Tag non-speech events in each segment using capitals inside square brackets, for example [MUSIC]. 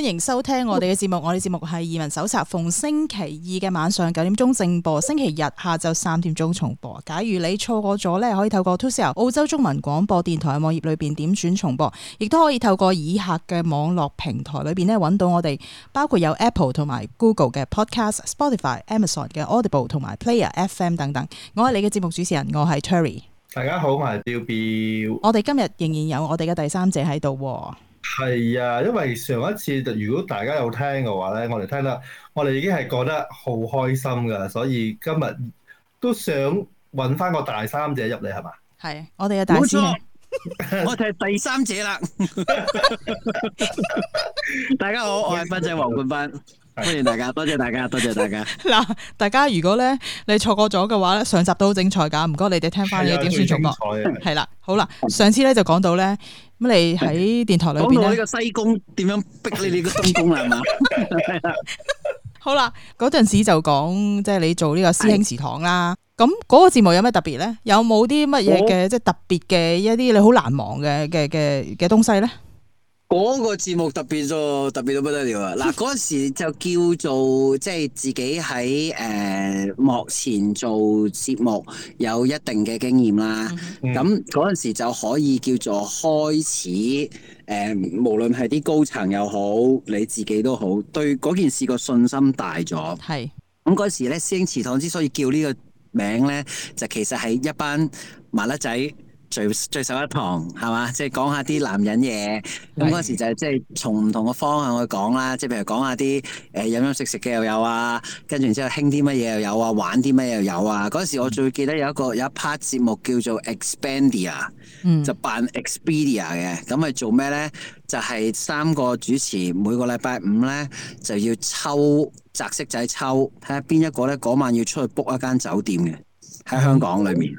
歡迎收聽我哋嘅節目，我哋節目係移民手冊，逢星期二嘅晚上九點鐘正播，星期日下晝三點鐘重播。假如你錯過咗咧，可以透過 To Sea 澳洲中文廣播電台嘅網頁裏邊點選重播，亦都可以透過以下嘅網絡平台裏邊咧揾到我哋，包括有 Apple 同埋 Google 嘅 Podcast、Spotify、Amazon 嘅 Audible 同埋 Player FM 等等。我係你嘅節目主持人，我係 Terry。大家好，我係 Bill Bill。我哋今日仍然有我哋嘅第三者喺度，啊。係啊，因為上一次如果大家有聽嘅話咧，我哋聽得我哋已經係覺得好開心噶，所以今日都想揾翻個第三者入嚟，係嘛？係，我哋嘅大師，我哋係第三者啦。大家好，我係斌仔黃冠斌。歡迎大家，多謝大家，多謝大家。嗱， [LAUGHS] 大家如果咧你錯過咗嘅話咧，上集都好精彩噶，唔該你哋聽翻嘅，點的算重播？係啦， [LAUGHS] 好啦，上次咧就講到咧，咁你喺電台裏邊呢 [LAUGHS] 個西宮點樣逼你？呢個東宮啊嘛？係啊。好啦，嗰陣時就講即係你做呢個師兄祠堂啦。咁嗰的個節目有咩特別咧？有冇啲乜嘢嘅即係特別嘅、哦、一啲你好難忘嘅嘅嘅嘅東西咧？嗰個節目特別特別到不得了啊！嗱，嗰陣時就叫做即係、就是、自己喺誒、呃、幕前做節目有一定嘅經驗啦。咁嗰陣時就可以叫做開始，誒、呃、無論係啲高層又好，你自己都好，對嗰件事個信心大咗。係咁嗰時咧，師兄祠堂之所以叫呢個名咧，就其實係一班麻甩仔。最最首一堂，係嘛？即、就、係、是、講一下啲男人嘢。咁嗰時就係即係從唔同嘅方向去講啦。即、就、係、是、譬如講一下啲誒、呃、飲飲食食嘅又有啊，跟住然之後興啲乜嘢又有啊，玩啲乜又有啊。嗰時我最記得有一個有一 part 節目叫做 Expedia，就扮 Expedia 嘅。咁咪、嗯、做咩咧？就係、是、三個主持每個禮拜五咧就要抽擲色仔抽，睇下邊一個咧嗰晚要出去 book 一間酒店嘅喺香港裏面。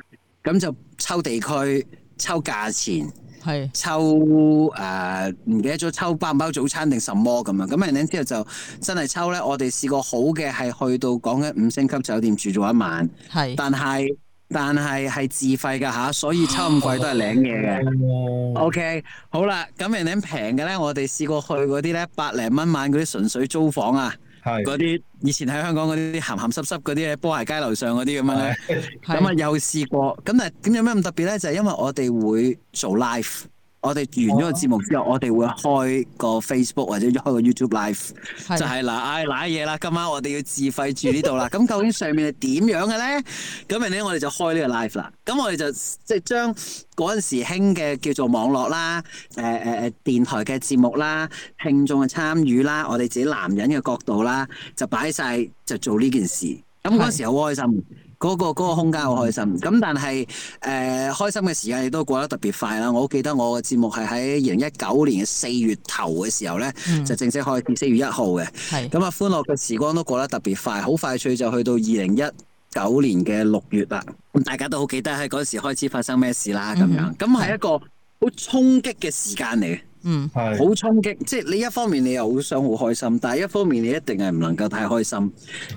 咁就。抽地區、抽價錢、係是抽誒，唔、呃、記得咗抽包唔包，包早餐定什麼咁樣。咁人哋之後就真係抽咧。我哋試過好嘅係去到講緊五星級酒店住咗一晚，係是，但係但係係自費㗎吓，所以抽咁貴都係領嘢嘅。 [LAUGHS] o、okay, K，好啦，咁人哋平嘅咧，我哋試過去嗰啲咧，百零蚊晚嗰啲純粹租房啊。係嗰啲以前喺香港嗰啲鹹鹹濕濕嗰啲嘢，波鞋街樓上嗰啲咁樣咧，咁啊 [LAUGHS] 又試過，咁但係點解有咩咁特別咧？就係、是、因為我哋會做 live。我哋完咗個節目之後，oh. 我哋會開個 Facebook 或者開個 YouTube Live，的就係嗱，唉、哎，瀨嘢啦！今晚我哋要自費住呢度啦。咁 [LAUGHS] 究竟上面係點樣嘅咧？咁咪咧，我哋就開呢個 Live 啦。咁我哋就即係、就是、將嗰陣時興嘅叫做網絡啦，誒誒誒電台嘅節目啦，聽眾嘅參與啦，我哋自己男人嘅角度啦，就擺晒就做呢件事。咁嗰陣時好開心。嗰個嗰個空間好開心，咁但係誒、呃、開心嘅時間亦都過得特別快啦。我記得我嘅節目係喺二零一九年嘅四月頭嘅時候咧，嗯、就正式開始四月一號嘅。係咁啊，歡樂嘅時光都過得特別快，好快脆就去到二零一九年嘅六月啦。咁大家都好記得喺嗰時開始發生咩事啦。咁、嗯、哼樣咁係一個好衝擊嘅時間嚟。嗯，係好、mm. 衝擊，即係你一方面你又好想好開心，但係一方面你一定係唔能夠太開心。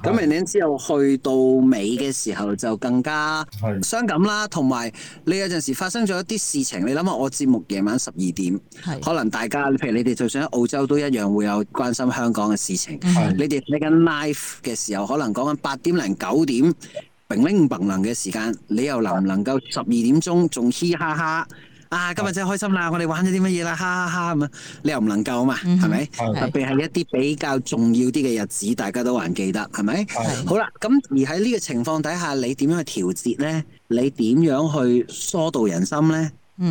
咁、mm. 明年之後去到尾嘅時候就更加傷感啦，同埋、mm. 你有陣時發生咗一啲事情，你諗下我節目夜晚十二點，mm. 可能大家，譬如你哋就算喺澳洲都一樣會有關心香港嘅事情。Mm. 你哋睇緊 live 嘅時候，可能講緊八點零九點，明明白能嘅時間，你又能唔能夠十二點鐘仲嘻哈哈？啊！今日真係開心啦，的我哋玩咗啲乜嘢啦，哈哈哈咁啊！你又唔能夠啊嘛，係咪？特別係一啲比較重要啲嘅日子，大家都還記得，係咪？的好啦，咁而喺呢個情況底下，你點樣去調節咧？你點樣去疏導人心咧？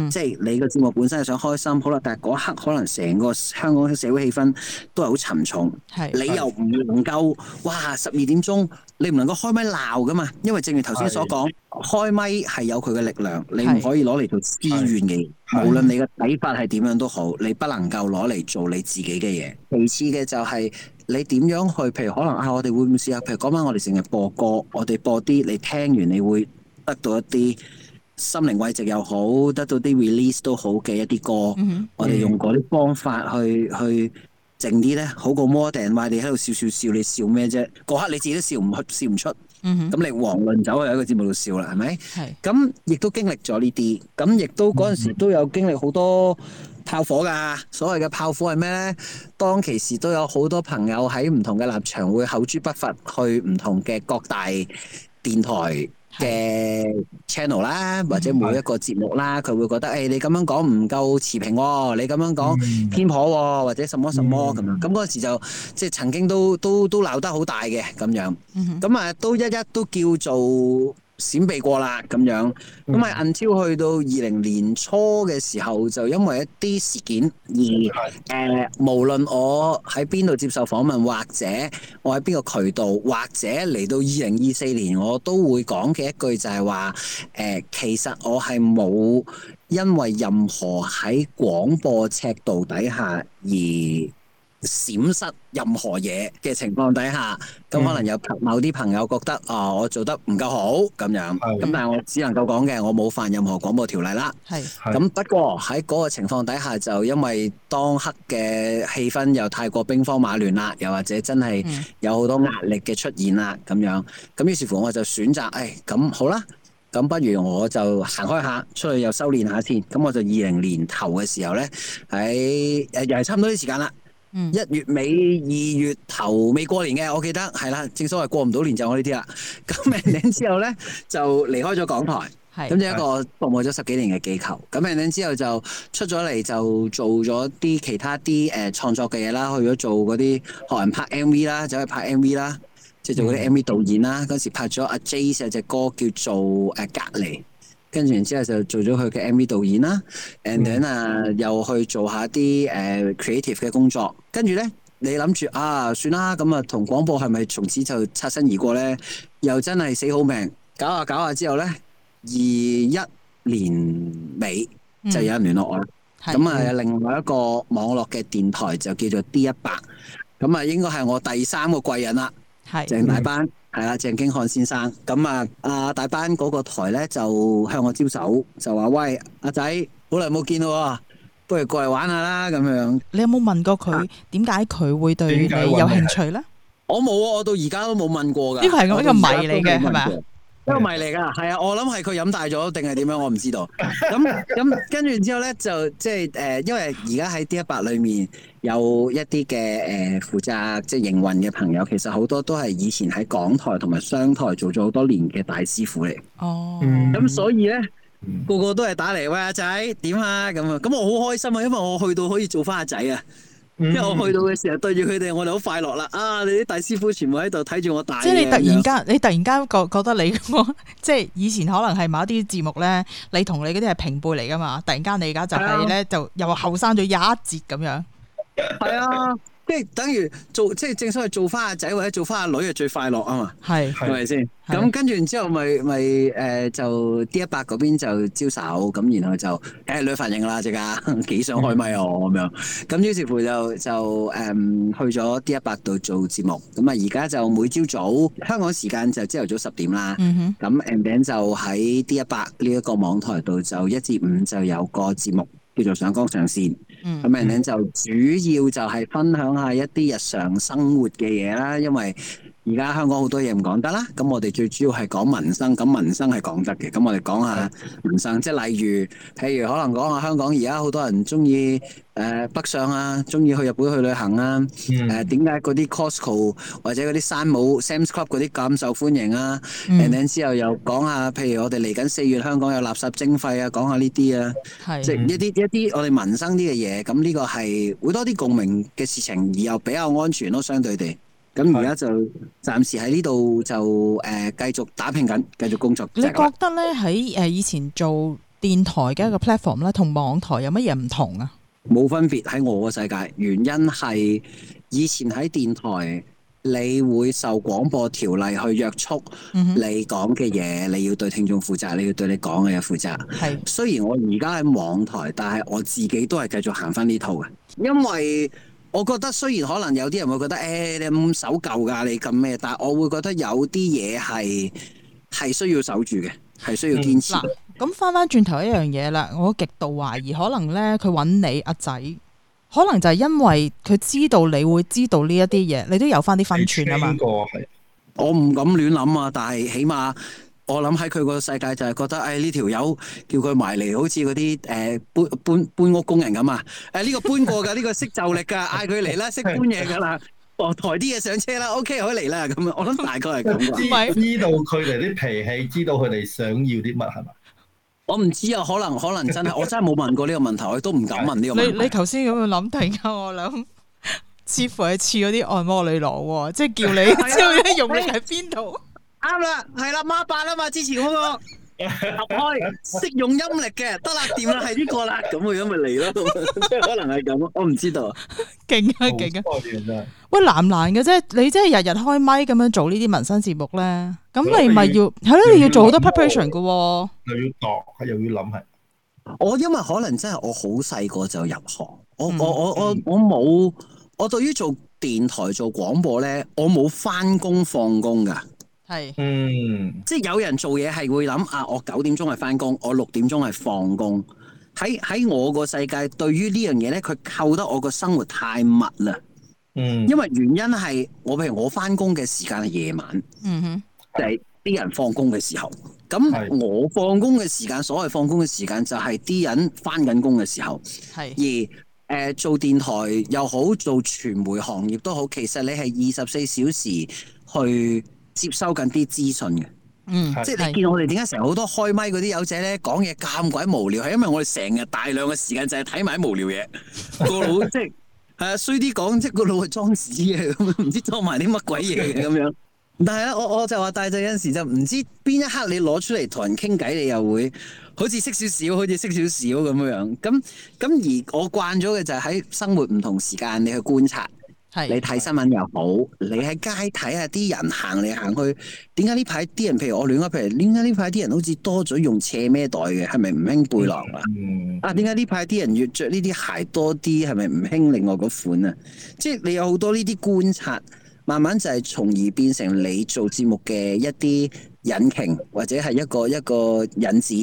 即係、嗯、你個節目本身係想開心，好啦，但係嗰一刻可能成個香港嘅社會氣氛都係好沉重，係的。你又唔能夠，哇！十二點鐘。你唔能夠開咪鬧㗎嘛，因為正如頭先所講，是開咪係有佢嘅力量，你唔可以攞嚟做私怨嘅嘢。無論你嘅睇法係點樣都好，你不能夠攞嚟做你自己嘅嘢。其次嘅就係你點樣去，譬如可能啊，我哋會唔會試下？譬如嗰晚我哋成日播歌，我哋播啲你聽完你會得到一啲心靈慰藉又好，得到啲 release 都好嘅一啲歌，嗯、哼我哋用嗰啲方法去去。嗯哼嗯靜啲咧，好過摩定壞。你喺度笑笑笑，你笑咩啫？嗰刻你自己都笑唔笑唔出，咁、嗯、哼你黃冠斌走喺一個節目度笑啦，係咪？係是。咁亦都經歷咗、嗯、哼呢啲，咁亦都嗰陣時都有經歷好多炮火㗎。所謂嘅炮火係咩咧？當其時都有好多朋友喺唔同嘅立場，會口誅筆伐去唔同嘅各大電台。嘅 channel 啦，或者每一個節目啦，佢、嗯、哼會覺得誒、欸，你咁樣講唔夠持平喎、啊，你咁樣講偏頗喎、啊，嗯、哼或者什麼什麼咁、嗯、哼樣，咁嗰陣時就即係曾經都都都鬧得好大嘅咁樣，咁、嗯、哼啊都一一都叫做。閃避過啦，咁樣，咁啊、mm，銀超去到二零年初嘅時候，就因為一啲事件而誒、呃，無論我喺邊度接受訪問，或者我喺邊個渠道，或者嚟到二零二四年，我都會講嘅一句就係話誒，其實我係冇因為任何喺廣播尺度底下而閃失任何嘢嘅情況底下，咁可能有某啲朋友覺得啊、mm. 哦，我做得唔夠好咁樣，咁、mm. 但係我只能夠講嘅，我冇犯任何廣播條例啦。係，咁不過喺嗰個情況底下，就因為當刻嘅氣氛又太過兵荒馬亂啦，又或者真係有好多壓力嘅出現啦，咁樣，咁於是乎我就選擇，誒、哎，咁好啦，咁不如我就行開下，出去又修煉下先。咁我就二零年頭嘅時候呢，喺、哎、又係差唔多啲時間啦。嗯、一月尾二月頭未過年嘅，我記得係啦。正所謂過唔到年就是、我呢啲啦。咁命令之後呢，就離開咗港台，咁就 [LAUGHS] 是一個服務咗十幾年嘅機構。咁命令之後就出咗嚟就做咗啲其他啲誒創作嘅嘢啦，去咗做嗰啲學人拍 MV 啦，走去拍 MV 啦，即係做嗰啲 MV 導演啦。嗰、嗯、時拍咗阿 Jas 有隻歌叫做誒隔離。跟住然之後就做咗佢嘅 MV 導演啦，and then 啊又去做下啲誒、uh, creative 嘅工作。跟住咧，你諗住啊算啦，咁啊同廣播係咪從此就擦身而過咧？又真係死好命，搞下搞下之後咧，二一年尾就有人聯絡我啦。咁、嗯、啊，的另外一個網絡嘅電台就叫做 D 一百，咁啊應該係我第三個貴人啦。係鄭的大班。嗯係啦，鄭經翰先生，咁啊，阿大班嗰個台咧就向我招手，就話喂，阿仔好耐冇見啦，不如過嚟玩下啦咁樣。你有冇問過佢點解佢會對你有興趣咧？啊、我冇啊，我到而家都冇問過噶。呢個係我一個謎嚟嘅係咪？一個謎嚟噶，係啊，我諗係佢飲大咗定係點樣，我唔知道。咁咁跟住之後咧，就即係誒，因為而家喺 D100 裏面有一啲嘅誒負責即係營運嘅朋友，其實好多都係以前喺港台同埋商台做咗好多年嘅大師傅嚟。哦，咁所以咧，mm hmm. 個個都係打嚟，喂，阿仔點啊咁啊，咁我好開心啊，因為我去到可以做翻阿仔啊。嗯、因為我去到嘅時候對住佢哋，我哋好快樂啦！啊，你啲大師傅全部喺度睇住我打。即係你突然間，你突然間覺得覺得你即係以前可能係某一啲節目咧，你同你嗰啲係平輩嚟噶嘛？突然間你而家就係咧，啊、就又後生咗一截咁樣。係啊。即係等於做，即係正所謂做翻阿仔或者做翻阿女係最快樂啊嘛，係係咪先？咁吧跟住然之後，咪咪誒就 D 一百嗰邊就招手，咁然後就誒、哎、女反應啦，即係幾想開咪哦咁樣。咁於是乎就就誒、嗯、去咗 D 一百度做節目。咁啊而家就每朝早香港時間就朝頭早十點啦。咁 a n d 就喺 D 一百呢一個網台度就一至五就有個節目叫做上綱上線。咁誒，明明就主要就係分享下一啲日常生活嘅嘢啦，因為，而家香港好多嘢唔講得啦，咁我哋最主要係講民生，咁民生係講得嘅，咁我哋講下民生，的即係例如，譬如可能講下香港而家好多人中意誒北上啊，中意去日本去旅行啊，誒點解嗰啲 Costco 或者嗰啲山姆 Sam’s Club 嗰啲咁受歡迎啊？誒、嗯，之後又講下，譬如我哋嚟緊四月香港有垃圾徵費啊，講下呢啲啊，的即係一啲一啲我哋民生啲嘅嘢，咁呢個係會多啲共鳴嘅事情，而又比較安全咯，相對地。咁而家就暫時喺呢度就誒、呃、繼續打拼緊，繼續工作。你覺得咧喺誒以前做電台嘅一個 platform 咧，同網台有乜嘢唔同啊？冇分別喺我個世界，原因係以前喺電台，你會受廣播條例去約束你，你講嘅嘢，你要對聽眾負責，你要對你講嘅嘢負責。係是雖然我而家喺網台，但係我自己都係繼續行翻呢套嘅，因為。我覺得雖然可能有啲人會覺得，誒、欸、你咁守舊㗎，你咁咩？但係我會覺得有啲嘢係係需要守住嘅，係需要堅持。嗱、嗯，咁返返轉頭一樣嘢啦，我極度懷疑可能呢，佢揾你阿仔，可能就係因為佢知道你會知道呢一啲嘢，你都有返啲分寸啊嘛。邊個我唔敢亂諗啊，但係起碼。我諗喺佢個世界就係覺得，哎呢條友叫佢埋嚟，好似嗰啲誒搬搬搬屋工人咁啊！誒、呃、呢、呢個搬過噶，呢、呢個識就力噶，嗌佢嚟啦，識搬嘢噶啦，抬啲嘢上車啦，OK 可以嚟啦，咁我諗大概係咁。知唔知道佢哋啲脾氣，知道佢哋想要啲乜係嘛？我唔知啊，可能可能真係，我真係冇問過呢個問題，我都唔敢問呢個問題。 [LAUGHS] 你你頭先咁樣諗，定然我諗，似乎係似嗰啲按摩女郎，即係叫你、 [LAUGHS] 啊、 [LAUGHS] 用力喺邊度？ [LAUGHS] 啱啦，係啦，孖八啊嘛，之前嗰、那個合 [LAUGHS] 開，識用音力嘅，得啦，掂啦，係呢個啦，咁樣咪嚟咯。即係可能係咁，我唔知道，勁啊勁啊！啊喂，難唔難嘅啫？你真係日日開咪咁樣做呢啲民生節目咧？咁你咪要係咯？你要，要，要，要做好多 preparation 噶。又要度，係又要諗，係我因為可能真係我好細個就入行，我、嗯、我我我我冇，我對於做電台做廣播咧，我冇翻工放工噶。係，是嗯，即係有人做嘢係會諗啊，我九點鐘係翻工，我六點鐘係放工。喺喺我個世界，對於呢樣嘢咧，佢扣得我個生活太密啦。嗯，因為原因係我，譬如我翻工嘅時間係夜晚，嗯哼，就係啲人放工嘅時候。咁我放工嘅時間，所謂放工嘅時間就係啲人翻緊工嘅時候。係是而誒、呃，做電台又好，做傳媒行業都好，其實你係二十四小時去。接收緊啲資訊嘅，嗯，即係你見我哋點解成好多開咪嗰啲友仔咧講嘢咁鬼無聊，係因為我哋成日大量嘅時間就係睇埋啲無聊嘢， [LAUGHS] 個腦即係啊衰啲講即個腦係裝屎嘅，咁唔知裝埋啲乜鬼嘢咁樣。但係咧，我我就話大細，有陣有時就唔知邊一刻你攞出嚟同人傾偈，你又會好似識少少，好似識少少咁樣樣。咁咁而我慣咗嘅就係喺生活唔同時間你去觀察。係，你睇新聞又好，你喺街睇下啲人行嚟行去，點解呢排啲人？譬如我亂講，譬如點解呢排啲人好似多咗用斜孭袋嘅，係咪唔興背囊啊？嗯、啊，點解呢排啲人越着呢啲鞋多啲？係咪唔興另外嗰款啊？即係你有好多呢啲觀察，慢慢就係從而變成你做節目嘅一啲引擎，或者係一個一個引子，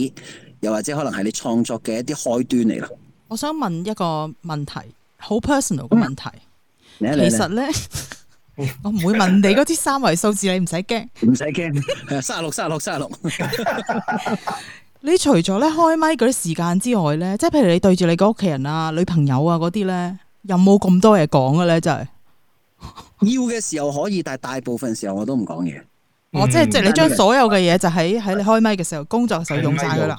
又或者可能係你創作嘅一啲開端嚟啦。我想問一個問題，好 personal 嘅問題。嗯來來來其實咧， [LAUGHS] 我唔會問你嗰啲三圍數字，你唔使驚，唔使驚。係三十六，三十六，三十六。你除咗咧開麥嗰啲時間之外咧，即係譬如你對住你個屋企人啊、女朋友啊嗰啲咧，有冇咁多嘢講嘅咧？就 [LAUGHS] 係要嘅時候可以，但係大部分時候我都唔講嘢。 [LAUGHS] 哦，即係即係你將所有嘅嘢就喺喺你開麥嘅時候、嗯、工作就用晒㗎喇。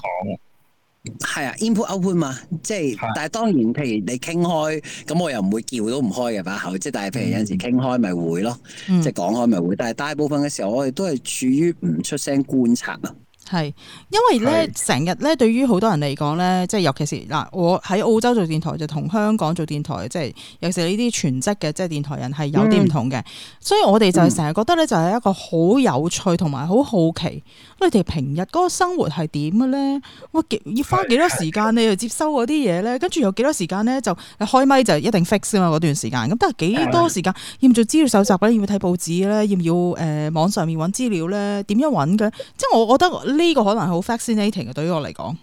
係啊，input open 嘛，即係，但係當然，譬如你傾開，咁我又唔會叫都唔開嘅把口，即係，但係譬如有陣時傾開咪會咯，嗯、即係講開咪會，但係大部分嘅時候我哋都係處於唔出聲觀察啊。係，因為咧成日咧對於好多人嚟講咧，即係尤其是嗱，我喺澳洲做電台就同香港做電台，即係有時呢啲全職嘅即係電台人係有啲唔同嘅，嗯、所以我哋就係成日覺得咧就係一個好有趣同埋好好奇，佢哋、嗯、平日嗰個生活係點嘅咧？哇，幾要花幾多時間咧？又接收嗰啲嘢咧，跟住有幾多時間咧就開咪就一定 fix 啊嘛，嗰段時間，咁都係幾多時間？要唔做資料搜集咧？要唔要睇報紙咧？要唔要誒網上面揾資料咧？點樣揾嘅？即係我覺得呢個可能好 fascinating 嘅，對於我嚟講。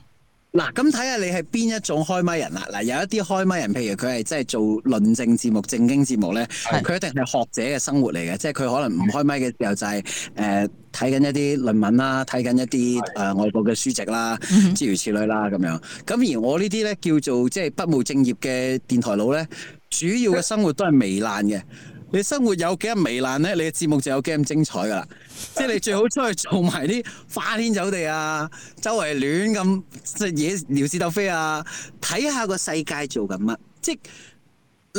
嗱，咁睇下你係邊一種開麥人啦。嗱，有一啲開麥人，譬如佢係即係做論證節目、正經節目咧，佢是一定係學者嘅生活嚟嘅。即係佢可能唔開麥嘅時候就係誒睇緊一啲論文啦，睇緊一啲誒外國嘅書籍啦，諸是如此類啦、啊、咁樣。咁而我呢啲咧叫做即係、就是、不務正業嘅電台佬咧，主要嘅生活都係糜爛嘅。你生活有幾咁糜爛咧，你嘅節目就有幾咁精彩噶啦！即係你最好出去做埋啲花天酒地啊，周圍亂咁嘅嘢，撩事鬥非啊，睇下個世界做緊乜，即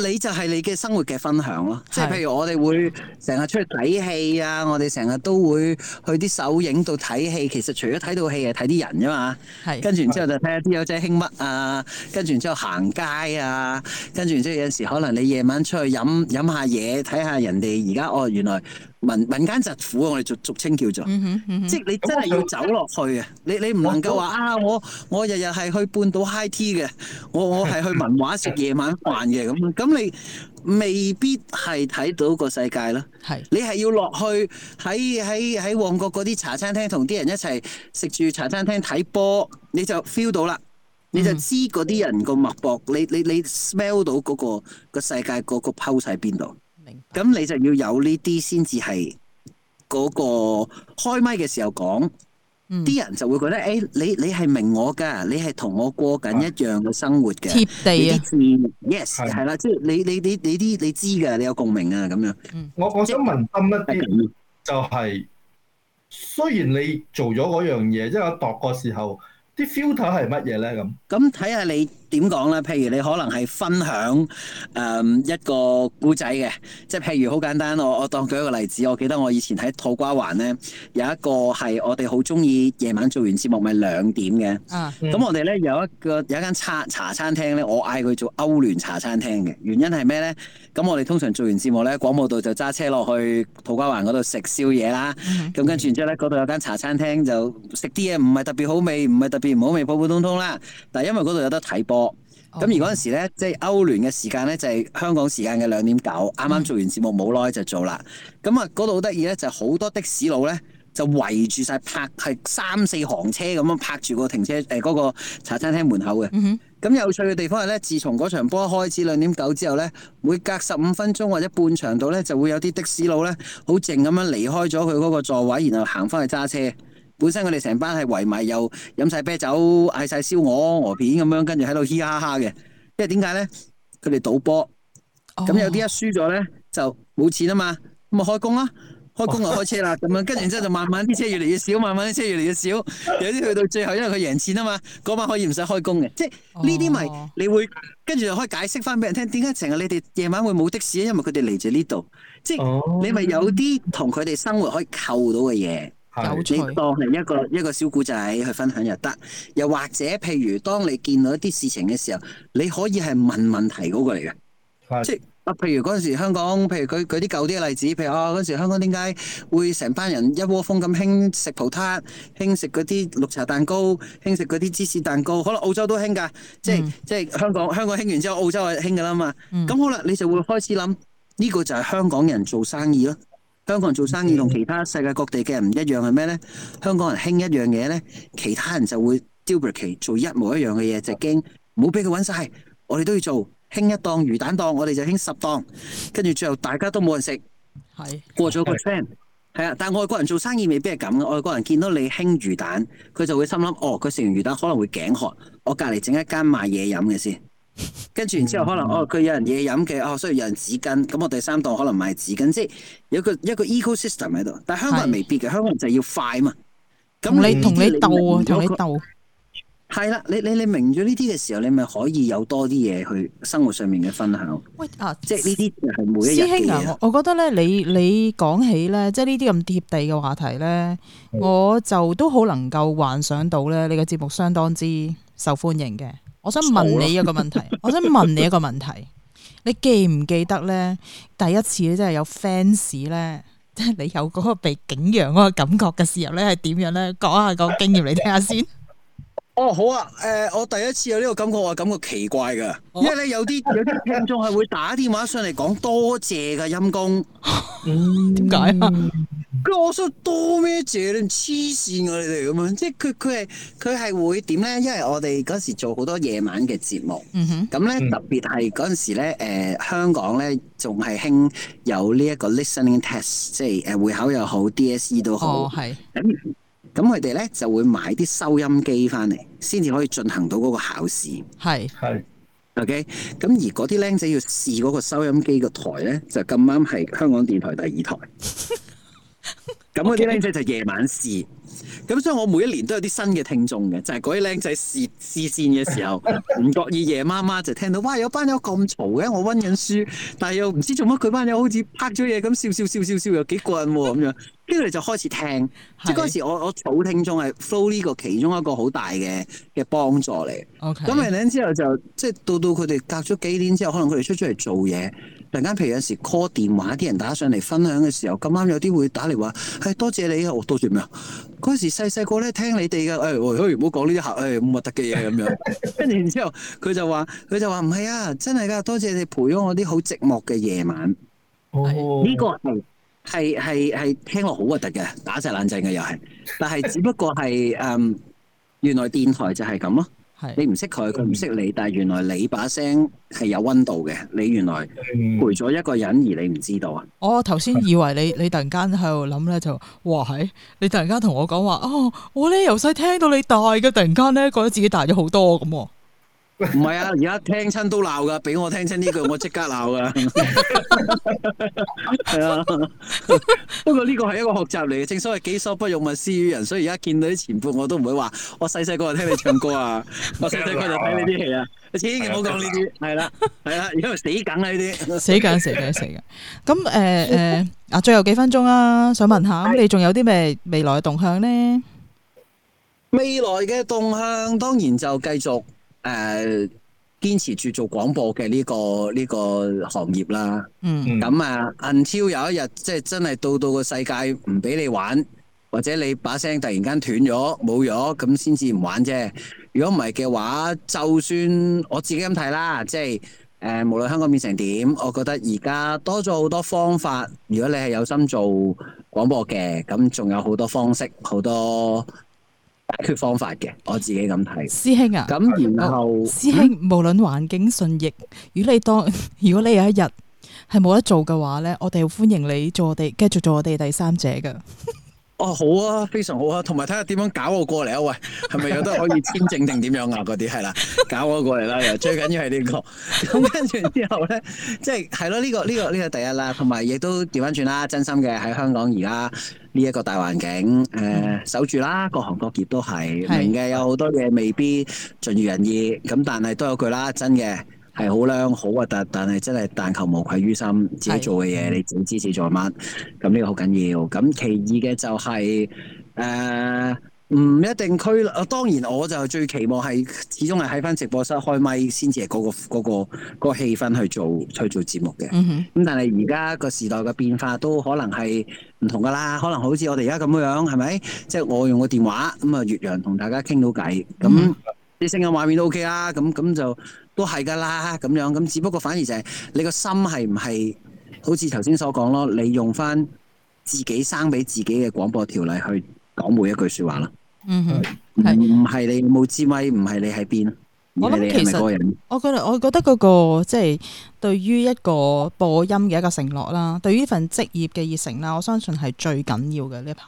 你就係你嘅生活嘅分享咯，啊，即係譬如我哋會成日出去睇戲啊，我哋成日都會去啲首映度睇戲。其實除咗睇到戲，係睇啲人啫嘛。係的。跟住然之後就睇下啲友仔興乜啊，跟住然之後行街啊，跟住然之後有時可能你夜晚出去飲飲下嘢，睇下人哋而家，哦，原來民民間疾苦，啊，我哋俗俗稱叫做，嗯哼嗯哼即係你真係要走落去啊！你你唔能夠話啊，我我日日係去半島 high tea 嘅，我我係去文華食夜晚飯嘅咁咁。咁你未必係睇到個世界咯，係是你係要落去喺喺喺旺角嗰啲茶餐廳同啲人一齊食住茶餐廳睇波，你就 feel 到啦，嗯、你就知嗰啲人個脈搏，你你你 smell 到嗰個世界個個 pulse 喺邊度。明，咁你就要有呢啲先至係嗰個開麥嘅時候講。啲人就會覺得，誒你你係明我㗎，你係同我過緊一樣嘅生活嘅，貼地啊，字 yes 係啦，即係你你你你啲你知㗎，你有共鳴啊咁樣。我我想問深一啲，就係雖然你做咗嗰樣嘢，即係我度個時候，啲 filter 係乜嘢咧？咁咁睇下你。點講呢？譬如你可能係分享誒、嗯、一個古仔嘅，即係譬如好簡單，我我當舉一個例子。我記得我以前喺土瓜灣呢，有一個係我哋好中意夜晚做完節目咪兩點嘅。咁、就是啊嗯、我哋呢，有一個有一間茶茶餐廳呢，我嗌佢做歐聯茶餐廳嘅原因係咩呢？咁我哋通常做完節目呢，廣播道就揸車落去土瓜灣嗰度食宵夜啦。咁、嗯嗯、跟住然之後呢，嗰度有間茶餐廳就食啲嘢唔係特別好味，唔係特別唔好味，普普，普通，通通啦。但係因為嗰度有得睇波。咁、嗯、而嗰陣時咧，即係歐聯嘅時間咧，就係、是、香港時間嘅兩點九，啱啱做完節目冇耐就做啦。咁、嗯、啊，嗰度好得意咧，就好多的士佬咧，就圍住晒拍，係三四行車咁樣拍住個停車誒嗰個茶餐廳門口嘅。咁有趣嘅地方係咧，自從嗰場波開始兩點九之後咧，每隔十五分鐘或者半場度咧，就會有啲的士佬咧，好靜咁樣離開咗佢嗰個座位，然後行返去揸車。本身佢哋成班係圍埋，又飲晒啤酒，嗌晒燒鵝鵝片咁樣，跟住喺度嘻哈哈嘅。因為點解咧？佢哋賭波，咁、oh. 嗯、有啲一輸咗咧就冇錢啊嘛。咁啊開工啦，開工就開車啦。咁樣跟住之後就慢慢啲車越嚟越少，慢慢啲車越嚟越少。有啲去到最後，因為佢贏錢啊嘛，嗰晚可以唔使開工嘅。即係呢啲咪你會、oh. 跟住可以解釋翻俾人聽，點解成日你哋夜晚會冇的士？因為佢哋嚟住呢度，即係你咪有啲同佢哋生活可以扣到嘅嘢。你當係一個一個小故仔去分享又得，又或者譬如當你見到一啲事情嘅時候，你可以係問問題嗰個嚟嘅。即係啊，譬如嗰陣時香港，譬如舉舉啲舊啲嘅例子，譬如啊嗰陣時香港點解會成班人一窩蜂咁興食葡撻，興食嗰啲綠茶蛋糕，興食嗰啲芝士蛋糕，可能澳洲都興㗎。即係即係香港香港興完之後，澳洲係興㗎啦嘛。咁好啦，你就會開始諗呢個就係香港人做生意咯。香港人做生意同其他世界各地嘅人唔一樣係咩呢？香港人興一樣嘢呢，其他人就會 duplicate 做一模一樣嘅嘢，就驚冇俾佢揾晒。我哋都要做興一檔魚蛋檔，我哋就興十檔，跟住最後大家都冇人食，過咗個 train 係啊。但係外國人做生意未必係咁嘅。外國人見到你興魚蛋，佢就會心諗哦，佢食完魚蛋可能會頸渴，我隔離整一間賣嘢飲嘅先。跟住，然之後可能、嗯、哦，佢有人嘢飲嘅哦，需要有人紙巾，咁我第三檔可能賣紙巾，即係有一個有一個 ecosystem 喺度。但係香港人未必嘅，是香港人就要快嘛。咁你同、嗯、你鬥啊，同你鬥。係啦，你你你，你明咗呢啲嘅時候，你咪可以有多啲嘢，去生活上面嘅分享。喂啊，即係呢啲係每一。師兄啊，我我覺得咧，你你講起咧，即係呢啲咁貼地嘅話題咧，嗯、我就都好能夠幻想到咧，你嘅節目相當之受歡迎嘅。我想問你一個問題， [LAUGHS] 我想問你一個問題，你記唔記得咧，第一次你真係有 fans 咧，即係你有嗰個被景仰嗰個感覺嘅時候咧係點樣咧？講下個經驗嚟聽下先。 [LAUGHS] 哦，oh, 好啊，誒、呃，我第一次有呢個感覺，我感覺奇怪㗎，oh. 因為咧有啲有啲聽眾係會打電話上嚟講多謝㗎，陰公，點解啊？咁我想多咩謝你？黐線我哋咁樣，即係佢佢係佢係會點咧？因為我哋嗰時做好多夜晚嘅節目，咁咧、mm hmm. 特別係嗰陣時咧，誒、呃、香港咧仲係興有呢一個 listening test，即係誒會考又好，DSE 都好，咁。Oh, right. [NOISE] 咁佢哋咧就會買啲收音機返嚟，先至可以進行到嗰個考試。係係是，OK。咁而嗰啲僆仔要試嗰個收音機個台咧，就咁啱係香港電台第二台。咁嗰啲僆仔就夜晚試。咁、嗯、所以，我每一年都有啲新嘅聽眾嘅，就係嗰啲靚仔視視線嘅時候，唔覺 [LAUGHS] 意夜媽媽就聽到，哇！有班友咁嘈嘅，我溫緊書，但係又唔知做乜，佢班友好似拍咗嘢咁笑笑笑笑笑，又幾過癮喎咁樣，跟住嚟就開始聽， [LAUGHS] 即係嗰時我我儲聽眾係 flow 呢個其中一個好大嘅嘅幫助嚟。咁完咗之後就即係到到佢哋隔咗幾年之後，可能佢哋出出嚟做嘢。突然間，譬如有時 call 電話啲人打上嚟分享嘅時候，咁啱有啲會打嚟話，係、hey, 多謝你啊！我、哦、多謝咩啊？嗰時細細個咧聽你哋嘅，誒、hey, hey，我唔好講呢啲客，誒咁核突嘅嘢咁樣。跟住 [LAUGHS] 然之後，佢就話，佢就話唔係啊，真係噶，多謝你陪咗我啲好寂寞嘅夜晚。哦，呢個係係係係聽落好核突嘅，打晒冷靜嘅又係，但係只不過係誒、 [LAUGHS] 嗯，原來電台就係咁咯。你唔識佢，佢唔識你，但係原來你把聲係有溫度嘅。你原來陪咗一個人而你唔知道啊！嗯、我頭先以為你，你突然間喺度諗咧就哇係，你突然間同我講話哦！我咧由細聽到你大嘅，突然間咧覺得自己大咗好多咁。唔係啊！而家聽親都鬧噶，俾我聽親呢句，我即刻鬧噶。係啊，不過呢個係一個學習嚟嘅。正所謂己所不欲，勿施於人，所以而家見到啲前輩，我都唔會話我細細個就聽你唱歌啊，我細細個就睇你啲戲啊。千祈唔好講呢啲。係啦，係啦，而家死梗啦呢啲，死梗死梗死梗。咁誒誒啊，最後幾分鐘啊，想問下，咁你仲有啲咩未來嘅動向呢？未來嘅動向，當然就繼續。誒，堅、uh，持住做廣播嘅呢、這個呢、這個行業啦。嗯、mm，咁、hmm。啊，until 有一日即係真係到到個世界唔俾你玩，或者你把聲突然間斷咗冇咗，咁先至唔玩啫。如果唔係嘅話，就算我自己咁睇啦，即係誒、呃，無論香港變成點，我覺得而家多咗好多方法。如果你係有心做廣播嘅，咁仲有好多方式，好多。解決方法嘅，我自己咁睇。師兄啊，咁然後師兄，心嗯、無論環境順逆，信如果你當如果你有一日係冇得做嘅話咧，我哋歡迎你做我哋，繼續做我哋第三者㗎。哦、啊，好啊，非常好啊，同埋睇下點樣搞我過嚟啊。喂，係咪有得可以簽證定點樣啊？嗰啲係啦，搞我過嚟啦、啊，又最緊要係呢、這個。咁跟住之後咧，即係係咯，呢、這個呢、這個呢、這個這個第一啦，同埋亦都調翻轉啦，真心嘅喺香港而家，呢一個大環境，誒、呃、守住啦，各行各業都係明嘅，有好多嘢未必盡如人意，咁但係都有句啦，真嘅係好靚好核突，但係真係但求無愧於心，自己做嘅嘢你自己知自己做乜，咁呢個好緊要。咁其二嘅就係、是、誒。呃唔一定拘，啊當然我就最期望係始終係喺翻直播室開咪先至係嗰個嗰、嗰個、嗰個氣氛去做去做節目嘅。咁、mm hmm。但係而家個時代嘅變化都可能係唔同噶啦，可能好似我哋而家咁樣，係咪？即、就、係、是、我用個電話咁啊，越洋同大家傾到偈，咁啲聲音畫面都 OK 啦。咁咁就都係噶啦，咁樣咁只不過反而就係你個心係唔係好似頭先所講咯，你用翻自己生俾自己嘅廣播條例去講每一句說話啦。嗯哼，唔唔係你冇智慧，唔係你喺邊。我諗其實是是我覺得，我覺得嗰、那個即係、就是、對於一個播音嘅一個承諾啦，對於份職業嘅熱誠啦，我相信係最緊要嘅呢一排。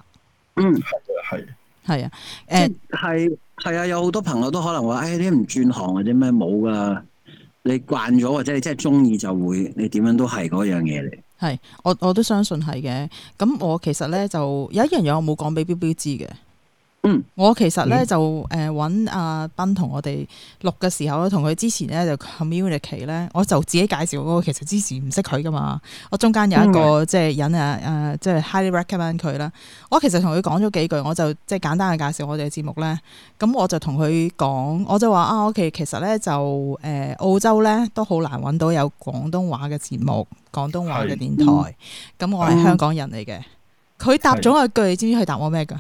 嗯，係嘅，係。係啊的，誒的，係係啊，有好多朋友都可能話，誒、哎，你唔轉行或者咩冇噶？你慣咗或者你真係中意，就會你點樣都係嗰樣嘢嚟。係我我，我都相信係嘅。咁我其實咧就有一樣嘢，我冇講俾 Bill Bill 知嘅。嗯，我其實咧就誒揾阿斌同我哋錄嘅時候，同佢之前咧就 communicate 咧，我就自己介紹嗰、那個。其實之前唔識佢㗎嘛，我中間有一個、嗯、即係人啊，誒、呃，即係 highly recommend 佢啦。我其實同佢講咗幾句，我就即係簡單嘅介紹我哋嘅節目咧。咁我就同佢講，我就話啊，我、okay, 其實其實咧就誒、呃、澳洲咧都好難揾到有廣東話嘅節目，廣東話嘅電台。咁、嗯、我係香港人嚟嘅。佢、嗯、答咗我一句，是你知唔知佢答我咩㗎？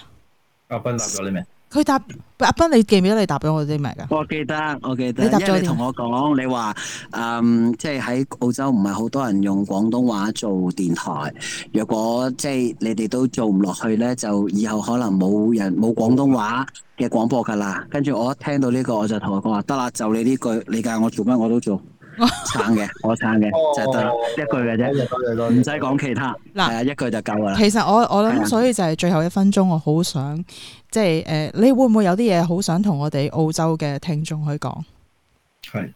阿斌答咗你咩？佢答阿斌，你記唔記得你答咗我啲咩㗎？我記得，我記得，你答因為你同我講，你話誒、嗯，即係喺澳洲唔係好多人用廣東話做電台。若果即係你哋都做唔落去咧，就以後可能冇人冇廣東話嘅廣播㗎啦。跟住我一聽到呢個，我就同佢講話，得啦，就你呢句，你教我做乜我都做。撐嘅， [LAUGHS] 我撐嘅，就得、 [LAUGHS] 哦、一句嘅啫，唔使講其他。嗱，一句就夠啦。 [LAUGHS] 其實我我諗，所以就係最後一分鐘，我好想即係誒，uh, 你會唔會有啲嘢好想同我哋澳洲嘅聽眾去講？係是，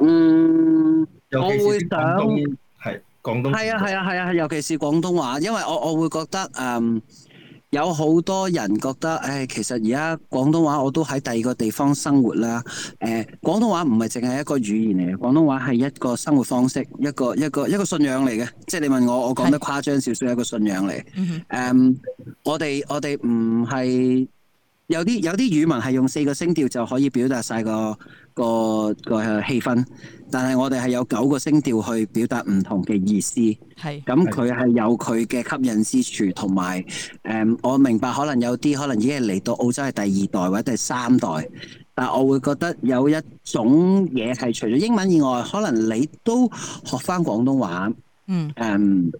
嗯，我會想係廣東，係啊係啊係啊，尤其是廣東話，因為我我會覺得嗯。有好多人覺得，誒，其實而家廣東話我都喺第二個地方生活啦。誒、呃，廣東話唔係淨係一個語言嚟嘅，廣東話係一個生活方式，一個一個一個信仰嚟嘅。即係你問我，我講得誇張少少，是一個信仰嚟。嗯、mm hmm. um, 我哋我哋唔係有啲有啲語文係用四個聲調就可以表達晒個。個個氣氛，但係我哋係有九個聲調去表達唔同嘅意思。係是，咁佢係有佢嘅吸引之處，同埋誒，我明白可能有啲可能已經嚟到澳洲係第二代或者第三代，但我會覺得有一種嘢係除咗英文以外，可能你都學翻廣東話。嗯，誒、嗯，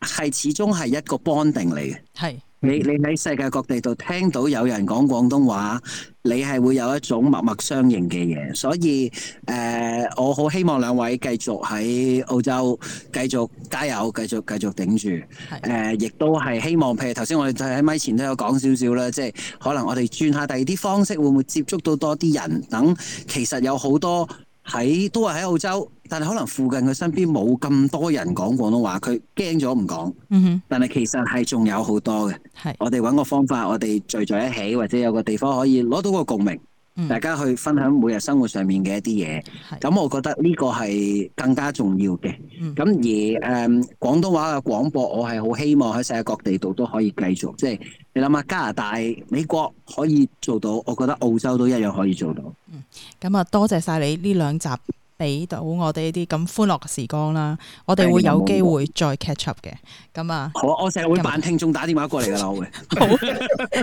係始終係一個 bonding 定嚟嘅。係。你你喺世界各地度聽到有人講廣東話，你係會有一種默默相應嘅嘢，所以誒、呃，我好希望兩位繼續喺澳洲繼續加油，繼續繼續頂住。誒、呃，亦都係希望，譬如頭先我哋喺咪前都有講少少啦，即、就、係、是、可能我哋轉下第二啲方式，會唔會接觸到多啲人等？其實有好多。喺都係喺澳洲，但係可能附近佢身邊冇咁多人講廣東話，佢驚咗唔講。但係其實係仲有好多嘅。Mm hmm. 我哋揾個方法，我哋聚在一起，或者有個地方可以攞到個共鳴，mm hmm. 大家去分享每日生活上面嘅一啲嘢。咁、mm hmm. 我覺得呢個係更加重要嘅。咁、mm hmm. 而誒、呃、廣東話嘅廣播，我係好希望喺世界各地度都可以繼續，即係。你諗下加拿大、美國可以做到，我覺得澳洲都一樣可以做到。嗯，咁啊，多謝晒你呢兩集俾到我哋呢啲咁歡樂嘅時光啦。我哋會有機會再 catch up 嘅。咁啊，好，我成日會扮聽眾打電話過嚟嘅，我會。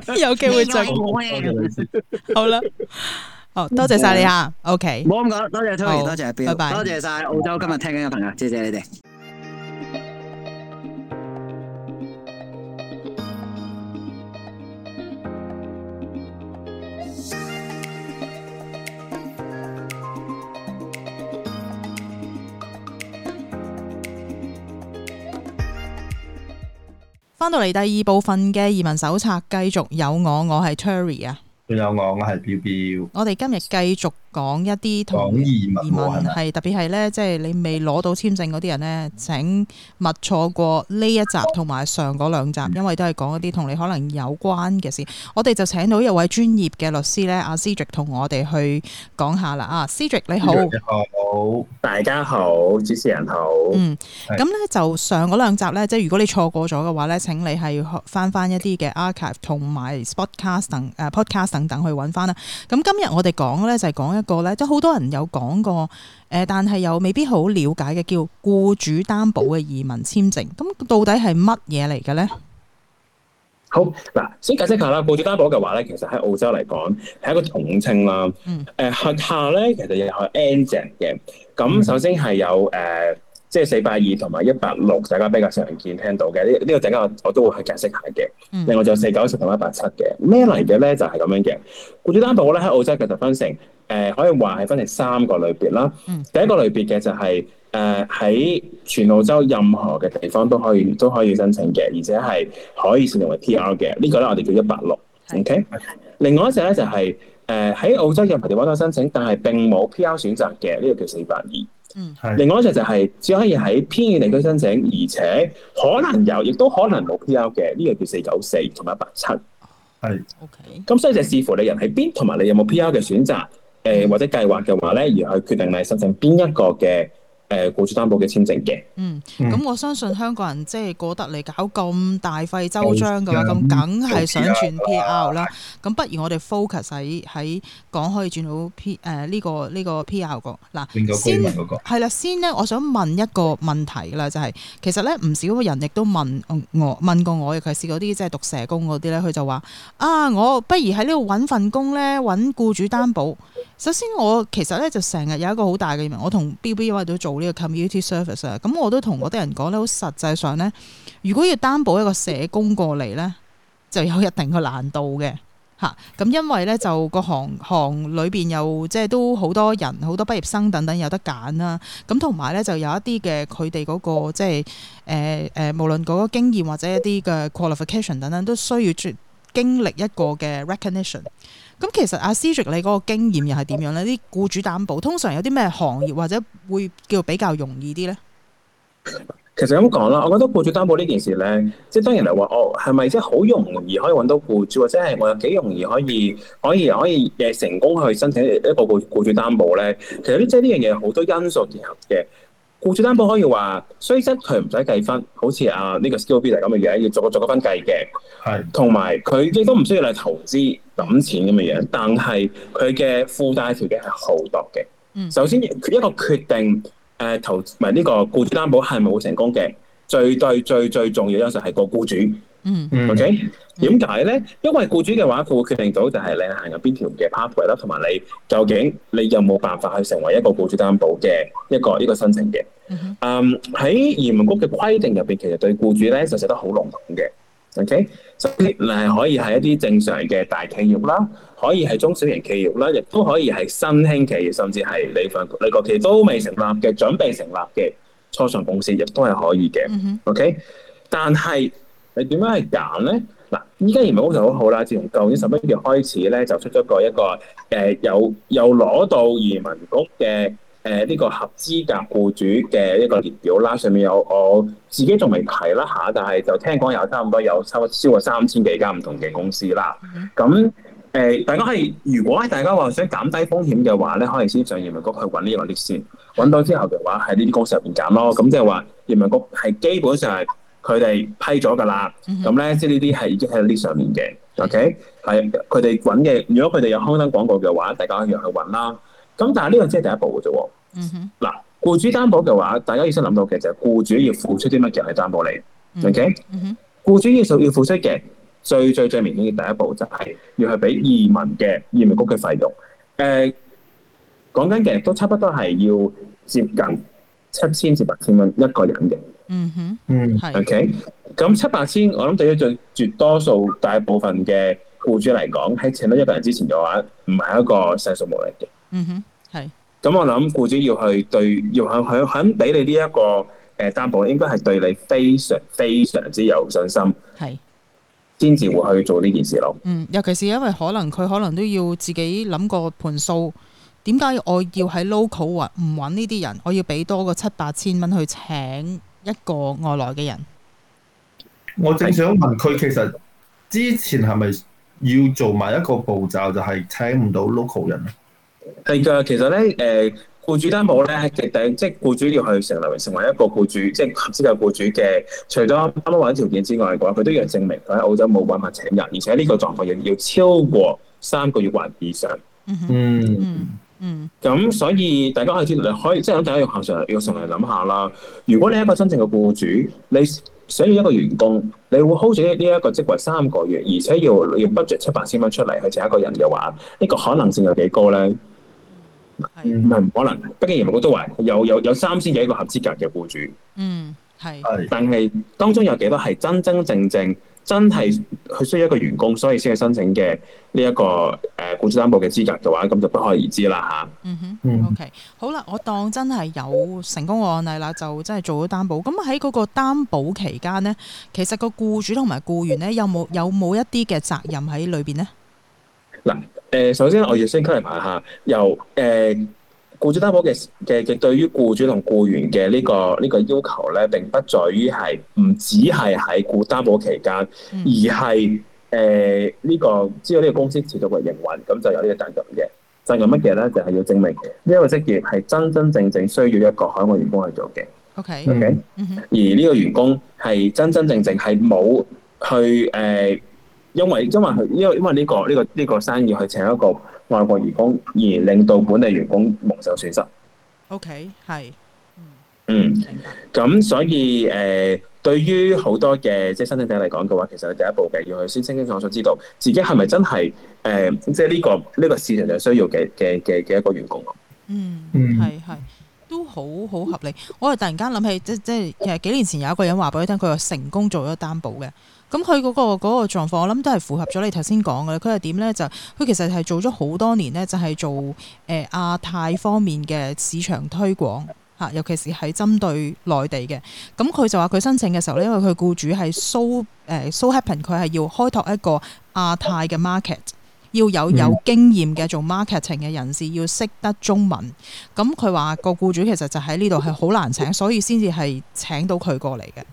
好，有機會再。好啦，好多謝晒你吓。OK，冇咁講，多謝 Tury，多謝 Bill，多謝晒澳洲今日聽緊嘅朋友，謝謝，你哋。返到嚟第二部分嘅移民手冊，繼續有我，我係 Tury 啊，仲有我，我係 Bill Bill，我哋今日繼續。講一啲同移民係特別係咧，即、就、係、係、你未攞到簽證嗰啲人咧，請勿錯過呢一集同埋上嗰兩集，嗯、因為都係講一啲同你可能有關嘅事。我哋就請到一位專業嘅律師咧，阿 Cedric 同我哋去講下啦。啊，Cedric 你好，ric, 你好。大家好，主持人好。嗯、咁咧的、嗯、就上嗰兩集咧，即係如果你錯過咗嘅話咧，請你係翻翻一啲嘅 archive 同埋 podcast 等誒 podcast 等等去揾翻啦。咁今日我哋講咧就係講一。個咧，即係好多人有講過誒，但係又未必好了解嘅，叫雇主擔保嘅移民簽證。咁到底係乜嘢嚟嘅咧？好，嗱，先解釋下啦。雇主擔保嘅話咧，其實喺澳洲嚟講係一個統稱啦。誒、嗯呃、下下咧，其實又個 agent 嘅。咁首先係有誒，即係四百二同埋一百六，呃就是、大家比較常見聽到嘅呢。呢、這個大家我，我都會去解釋下嘅。嗯、另外就四九十同一百七嘅咩嚟嘅咧，就係、是、咁樣嘅雇主擔保咧。喺澳洲嘅就分成。誒、呃、可以話係分成三個類別啦。嗯、第一個類別嘅就係誒喺全澳洲任何嘅地方都可以都可以申請嘅，而且係可以成為 PR 嘅。呢、呢個咧我哋叫一百六。OK。okay. 另外一隻咧就係誒喺澳洲任何地方都可以申請，但係並冇 PR 選擇嘅，呢、呢個叫四百二。嗯，係。另外一隻就係、是、只可以喺偏遠地區申請，而且可能有，亦都可能冇 PR 嘅，呢、呢個叫四九四同埋一百七。係。OK。咁所以就視乎你人喺邊，同埋你有冇 PR 嘅選擇，誒或者計劃嘅話咧，而去決定你申請邊一個嘅。誒雇主擔保嘅簽證嘅，嗯，咁我相信香港人即係覺得你搞咁大費周章嘅話，咁梗係想轉 PR 啦。咁、啊、不如我哋 focus 喺喺講可以轉到 P 誒、呃、呢、呢個呢、呢個 PR 嗰。嗱、啊，先係啦，先咧，我想問一個問題啦，就係、是、其實咧唔少人亦都問我問過我嘅，尤其是啲即係讀社工嗰啲咧，佢就話啊，我不如喺呢度揾份工咧，揾雇主擔保。首先我其實咧就成日有一個好大嘅，我同 Bill Bill 或者做。呢個 community service 啊，咁我都同嗰啲人講咧，好實際上咧，如果要擔保一個社工過嚟咧，就有一定嘅難度嘅嚇。咁、啊、因為咧就個行行裏邊有即係都好多人、好多畢業生等等有得揀啦。咁同埋咧就有一啲嘅佢哋嗰個即係誒誒，無論嗰個經驗或者一啲嘅 qualification 等等，都需要經經歷一個嘅 recognition。咁其實阿 Cedric，你嗰個經驗又係點樣咧？啲僱主擔保通常有啲咩行業或者會叫比較容易啲咧？其實咁講啦，我覺得僱主擔保呢件事咧，即係當然嚟話我係咪即係好容易可以搵到僱主，或者係我有幾容易可以可以可以誒成功去申請一個僱僱主擔保咧？其實呢，即係呢樣嘢好多因素結合嘅。雇主擔保可以話，雖則佢唔使計分，好似啊呢個 skill b u i l d 咁嘅樣，要逐個逐個分計嘅。係，同埋佢亦都唔需要嚟投資抌錢咁嘅樣，但係佢嘅附帶條件係好多嘅。嗯，首先一個決定，誒、啊、投唔係呢個雇主擔保係冇成功嘅，最對最最重要因素係個雇主。嗯，OK，點解咧？因為僱主嘅話，佢會決定到就係你行入邊條嘅 pathway 啦，同埋你究竟你有冇辦法去成為一個僱主擔保嘅一個呢個申請嘅。嗯，喺移民局嘅規定入邊，其實對僱主咧就寫得好籠統嘅。OK，你係可以係一啲正常嘅大企業啦，可以係中小型企業啦，亦都可以係新興企業，甚至係你份你個企業都未成立嘅、準備成立嘅初創公司亦都係可以嘅。OK，但係。你點樣係揀咧？嗱，依家移民局就好好啦。自從舊年十一月開始咧，就出咗個一個誒，又又攞到移民局嘅誒呢個合資格雇主嘅一個列表啦。上面有我自己仲未提啦嚇，但係就聽講有差唔多有差唔多超過三千幾間唔同嘅公司啦。咁誒、mm hmm. 呃，大家係如果大家話想減低風險嘅話咧，可以先上移民局去揾呢個啲先，揾到之後嘅話喺呢啲公司入邊揀咯。咁即係話移民局係基本上係。佢哋批咗㗎啦，咁咧即係呢啲係已經喺呢上面嘅、mm hmm.，OK，係佢哋揾嘅。如果佢哋有刊登廣告嘅話，大家一樣去揾啦。咁但係呢個只係第一步嘅啫。嗱、mm，雇、hmm. 主擔保嘅話，大家要先諗到嘅就係僱主要付出啲乜嘢嚟擔保你，OK？僱主要首先要付出嘅最最最明顯嘅第一步就係要去俾移民嘅移民局嘅費用。誒、呃，講緊嘅都差不多係要接近七千至八千蚊一個人嘅。嗯哼，嗯係，OK，咁七八千，我諗對於最絕多數大部分嘅僱主嚟講，喺請到一百人之前嘅話，唔係一個細數目嚟嘅。嗯哼、mm，係、hmm,。咁我諗僱主要去對，要肯肯肯俾你呢、這、一個誒擔保，應該係對你非常非常之有信心，係是，先至會去做呢件事咯。嗯，尤其是因為可能佢可能都要自己諗個盤數，點解我要喺 local 揾唔揾呢啲人，我要俾多個七八千蚊去請？一個外來嘅人，我正想問佢，其實之前係咪要做埋一個步驟就聽，就係請唔到 local 人咧？係噶，其實咧，誒、呃、僱主擔保咧，即係僱主要係成嚟成為一個僱主，即係合資格僱主嘅。除咗啱啱講條件之外嘅話，佢都要證明佢喺澳洲冇辦法請人，而且呢個狀況要要超過三個月或以上。Mm hmm. 嗯。嗯，咁所以大家可以嚟可以即係喺第一個層上，就是、要常嚟諗下啦。如果你一個真正嘅雇主，你想要一個員工，你會 hold 住呢一個職位三個月，而且要要 budget 七八千蚊出嚟去請一個人嘅話，呢、呢個可能性有幾高咧？係唔可能。畢竟移民局都話有有有三千嘅一個合資格嘅雇主。嗯，係。但係當中有幾多係真真正正正？真係佢需要一個員工，所以先係申請嘅呢一個誒雇主擔保嘅資格嘅話，咁就不可而知啦吓，嗯哼，嗯，OK，好啦，我當真係有成功個案例啦，就真係做咗擔保。咁喺嗰個擔保期間呢，其實個雇主同埋僱員呢，有冇有冇一啲嘅責任喺裏邊呢？嗱，誒，首先我要先確認下，由誒。呃僱主擔保嘅嘅嘅，對於僱主同僱員嘅呢、這個呢、這個要求咧，並不在於係唔只係喺僱擔保期間，而係誒呢個知道呢個公司持續維營運，咁就有個呢個責任嘅責任。乜嘢咧？就係、是、要證明嘅，呢、這、一個職業係真真正正需要一個海外員工去做嘅。OK，OK，嗯哼。而呢個員工係真真正正係冇去誒、呃，因為因為佢、這個、因為因為呢個呢、這個呢、這個這個生意去請一個。外國員工而令到管理員工蒙受損失。O K，係，嗯，咁 Okay.、嗯、所以誒、呃，對於好多嘅即係申請者嚟講嘅話，其實第一步嘅要去先清清楚楚知道自己係咪真係誒、呃，即係、這、呢個呢、這個市場有需要嘅嘅嘅嘅一個員工咯、啊。嗯，係係、嗯，都好好合理。我係突然間諗起，即即係其實幾年前有一個人話俾我聽，佢話成功做咗擔保嘅。咁佢嗰個嗰個狀況，我諗都係符合咗你頭先講嘅。佢係點呢？就佢其實係做咗好多年呢，就係做誒亞太方面嘅市場推廣嚇，尤其是喺針對內地嘅。咁佢就話佢申請嘅時候咧，因為佢僱主係 so 誒 so happen，佢係要開拓一個亞太嘅 market，要有有經驗嘅做 marketing 嘅人士，要識得中文。咁佢話個僱主其實就喺呢度係好難請，所以先至係請到佢過嚟嘅。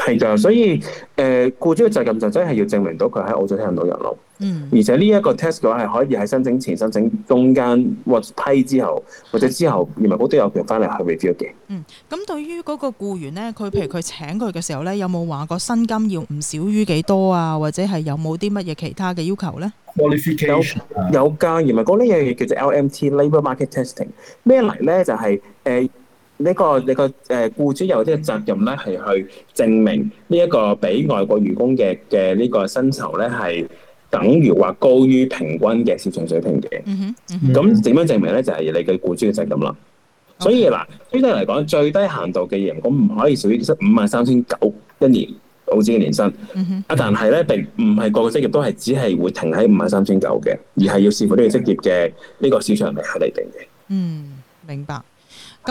係噶，所以誒，雇主嘅責任就真係要證明到佢喺澳洲聽唔到人咯。嗯，而且呢一個 test 嘅話係可以喺申請前、申請中間或批之後或者之後移民局都有權翻嚟去 review 嘅。嗯，咁對於嗰個雇員咧，佢譬如佢請佢嘅時候咧，有冇話個薪金要唔少於幾多啊？或者係有冇啲乜嘢其他嘅要求咧？有㗎，移民局呢樣嘢叫做 LMT Labour Market Testing，咩嚟咧？就係、是、誒。呃呢、這個你個誒僱主有啲嘅責任咧，係去證明呢一個俾外國員工嘅嘅呢個薪酬咧，係等於話高於平均嘅市場水平嘅。咁點、mm hmm, mm hmm. 樣證明咧？就係、是、你嘅僱主嘅責任啦。所以嗱，總之嚟講，最低限度嘅嘢，我唔可以少於五萬三千九一年澳紙嘅年薪。啊、mm，hmm, mm hmm. 但係咧，並唔係個個職業都係只係會停喺五萬三千九嘅，而係要視乎呢個職業嘅呢個市場嚟嚟定嘅。嗯、mm，hmm. 明白。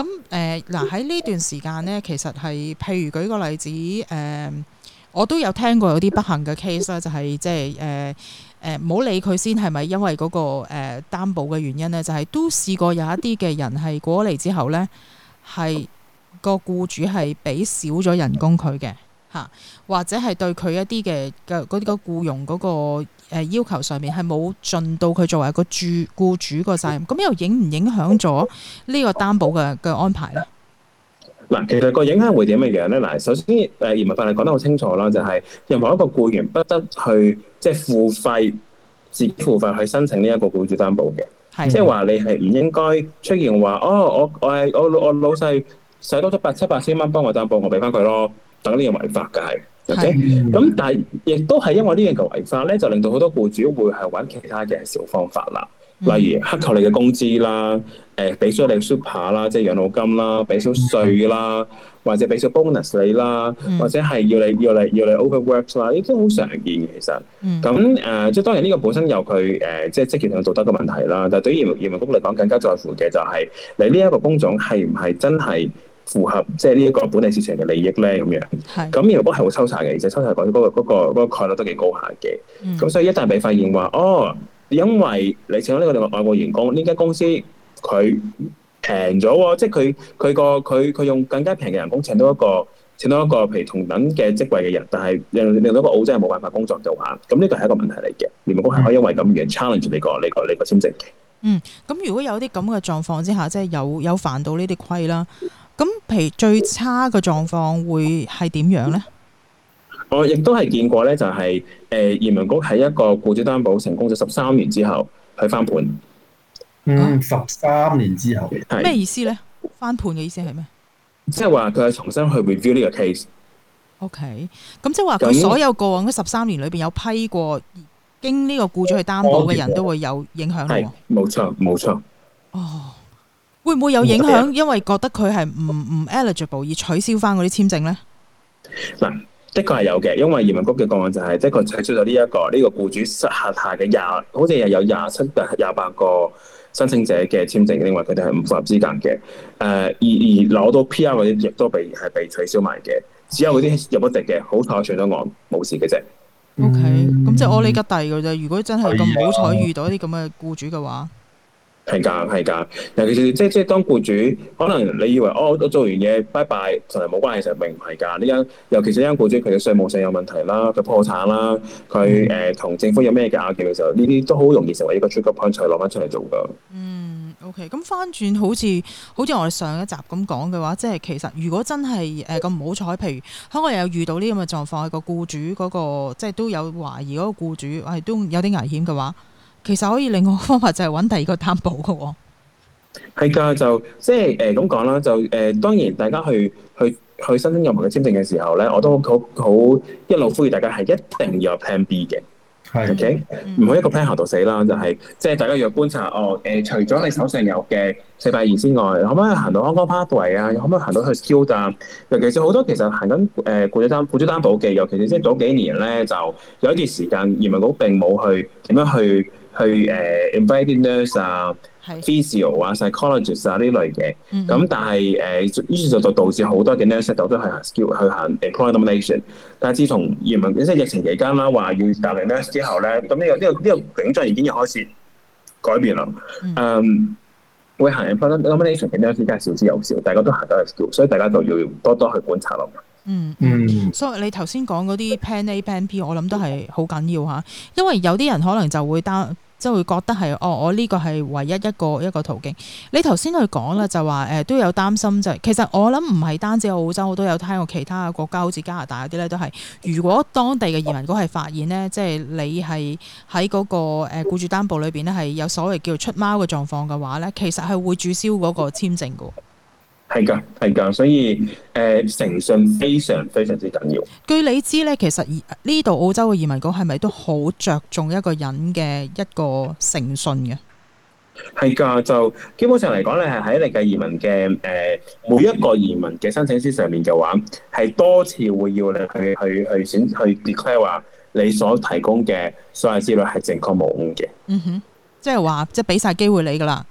咁誒嗱喺呢段時間咧，其實係譬如舉個例子誒、呃，我都有聽過有啲不幸嘅 case 啦、就係呃呃嗰個呃，就係即係誒誒，唔好理佢先，係咪因為嗰個誒擔保嘅原因咧？就係都試過有一啲嘅人係過嚟之後咧，係個僱主係俾少咗人工佢嘅。吓，或者係對佢一啲嘅嘅嗰啲個僱傭嗰個誒要求上面係冇盡到佢作為一個住僱主個責任，咁又影唔影響咗呢個擔保嘅嘅安排咧？嗱，其實個影響會點嘅樣咧？嗱，首先誒《移民法》係講得好清楚啦，就係、是、任何一個僱員不得去即係付費，自己付費去申請呢一個僱主擔保嘅，即係話你係唔應該出現話哦，我我我，我老細使多咗八七百千蚊幫我擔保，我俾翻佢咯。等呢樣違法嘅係，OK，咁的、嗯、但係亦都係因為呢樣嘅違法咧，就令到好多雇主會係揾其他嘅小方法啦，例如克扣你嘅工資啦，誒俾少你 super 啦，即係養老金啦，俾少稅啦，或者俾少 bonus 你啦，或者係要你要你要你 overwork 啦，依啲都好常見嘅其實。咁、嗯、誒、嗯呃，即係當然呢個本身有佢誒、呃，即係職業向道德嘅問題啦。但係對於移民局嚟講，更加在乎嘅就係你呢一個工種係唔係真係？符合即係呢一個本地市場嘅利益咧，咁樣。係是。咁廉木工係會抽查嘅，而且抽查嗰、嗰個嗰、嗰個嗰個概率都幾高下嘅。咁、嗯嗯、所以一旦被發現話，哦，因為你請咗呢個外國員工，呢間公司佢平咗喎，即係佢佢個佢佢用更加平嘅人工請到一個請到一個譬如同等嘅職位嘅人，但係令令到個澳洲係冇辦法工作嘅話，咁呢個係一個問題嚟嘅。廉木工係可以因為咁樣 challenge 你、呢個呢、呢個呢、呢個簽證嘅、嗯。嗯。咁如果有啲咁嘅狀況之下，即係有有犯到呢啲規啦。咁，譬如最差嘅狀況會係點樣呢？我亦都係見過呢、就是，就係誒移民局喺一個雇主擔保成功咗十三年之後，佢翻盤。嗯，十三年之後，咩意思呢？翻盤嘅意思係咩？即係話佢係重新去 review 呢個 case。OK，咁即係話佢所有過往嗰十三年裏邊有批過經呢個雇主去擔保嘅人都會有影響。係、嗯，好嗎？冇錯，冇錯。哦。會唔會有影響？因為覺得佢係唔唔 eligible 而取消翻嗰啲簽證咧？嗱，的確係有嘅，因為移民局嘅個案就係、是，即係佢取消咗呢一個呢、這個僱主轄下嘅廿，好似又有廿七廿八個申請者嘅簽證，因為佢哋係唔符合資格嘅。誒、呃，而而攞到 PR 嗰啲亦都被係被取消埋嘅，只有嗰啲入咗籍嘅好彩，出咗我，冇事嘅啫。O K，咁即係我哋吉蒂嘅啫。如果真係咁好彩遇到啲咁嘅僱主嘅話。係㗎，係㗎。尤其是即係即係，當僱主可能你以為哦，我做完嘢拜拜，同人冇關係，實並唔係㗎。呢間尤其是呢間僱主，佢嘅稅務上有問題啦，佢破產啦，佢誒同政府有咩嘅拗撬嘅時候，呢啲都好容易成為一個 trigger point，攞翻出嚟做㗎。嗯，OK。咁翻轉好似好似我哋上一集咁講嘅話，即係其實如果真係誒咁唔好彩，譬如香港又有遇到呢咁嘅狀況，個僱主嗰個即係都有懷疑嗰個僱主，係都有啲危險嘅話。其實可以另外方法就係揾第二個擔保嘅喎、哦，係㗎，就即係誒咁講啦，就誒、呃、當然大家去去去申請任何嘅簽證嘅時候咧，我都好好一路呼籲大家係一定要有 plan B 嘅，係 OK，唔好一個 plan 行到死啦，就係即係大家要觀察哦，誒、呃、除咗你手上有嘅四百二之外，可唔可以行到香港 Pathway 啊？可唔可以行到去 studio？尤其是好多其實行緊誒僱主擔僱主擔保嘅，尤其是即係、呃、早幾年咧，就有一段時間移民局並冇去點樣去。去誒、uh, invite 啲 nurse 啊、uh, phys uh, uh, 是、physio 啊、psychologists 啊呢類嘅，咁但係誒，於是就就導致好多嘅 nurse 都去行 skill 去行 employer nomination，但係自從移民即係疫情期間啦，話要帶嚟 nurse 之後咧，咁、這、呢個呢、這個呢、這個景象已經又開始改變啦。嗯，嗯，會行 employer nomination 嘅、嗯、nurse 而家少之又少，大家都行到係 skill，所以大家就要多多去觀察咯。嗯嗯，嗯所以你頭先講嗰啲 Plan A Plan B，我諗都係好緊要嚇，因為有啲人可能就會擔，即係會覺得係哦，我呢個係唯一一個一個途徑。你頭先去講啦，就話誒、呃、都有擔心就係，其實我諗唔係單止澳洲，我都有聽過其他國家，好似加拿大嗰啲咧都係，如果當地嘅移民局係發現呢，即係你係喺嗰個誒僱主擔保裏邊呢，係有所謂叫出貓嘅狀況嘅話咧，其實係會註銷嗰個簽證噶。係噶，係噶，所以誒、呃，誠信非常非常之緊要。據你知道咧，其實而呢度澳洲嘅移民局係咪都好着重一個人嘅一個誠信嘅？係噶，就基本上嚟講咧，係喺你嘅移民嘅誒、呃，每一個移民嘅申請書上面嘅話，係多次會要你去去去選去 declare 話你所提供嘅所有資料係正確無誤嘅。嗯哼，即係話，即係俾晒機會你噶啦。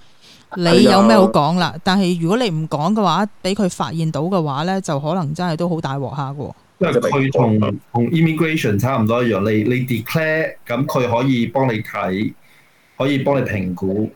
你有咩好講啦？但係如果你唔講嘅話，俾佢發現到嘅話咧，就可能真係都好大鑊下嘅。因為佢同同 immigration 差唔多一樣，你你 declare 咁，佢可以幫你睇，可以幫你評估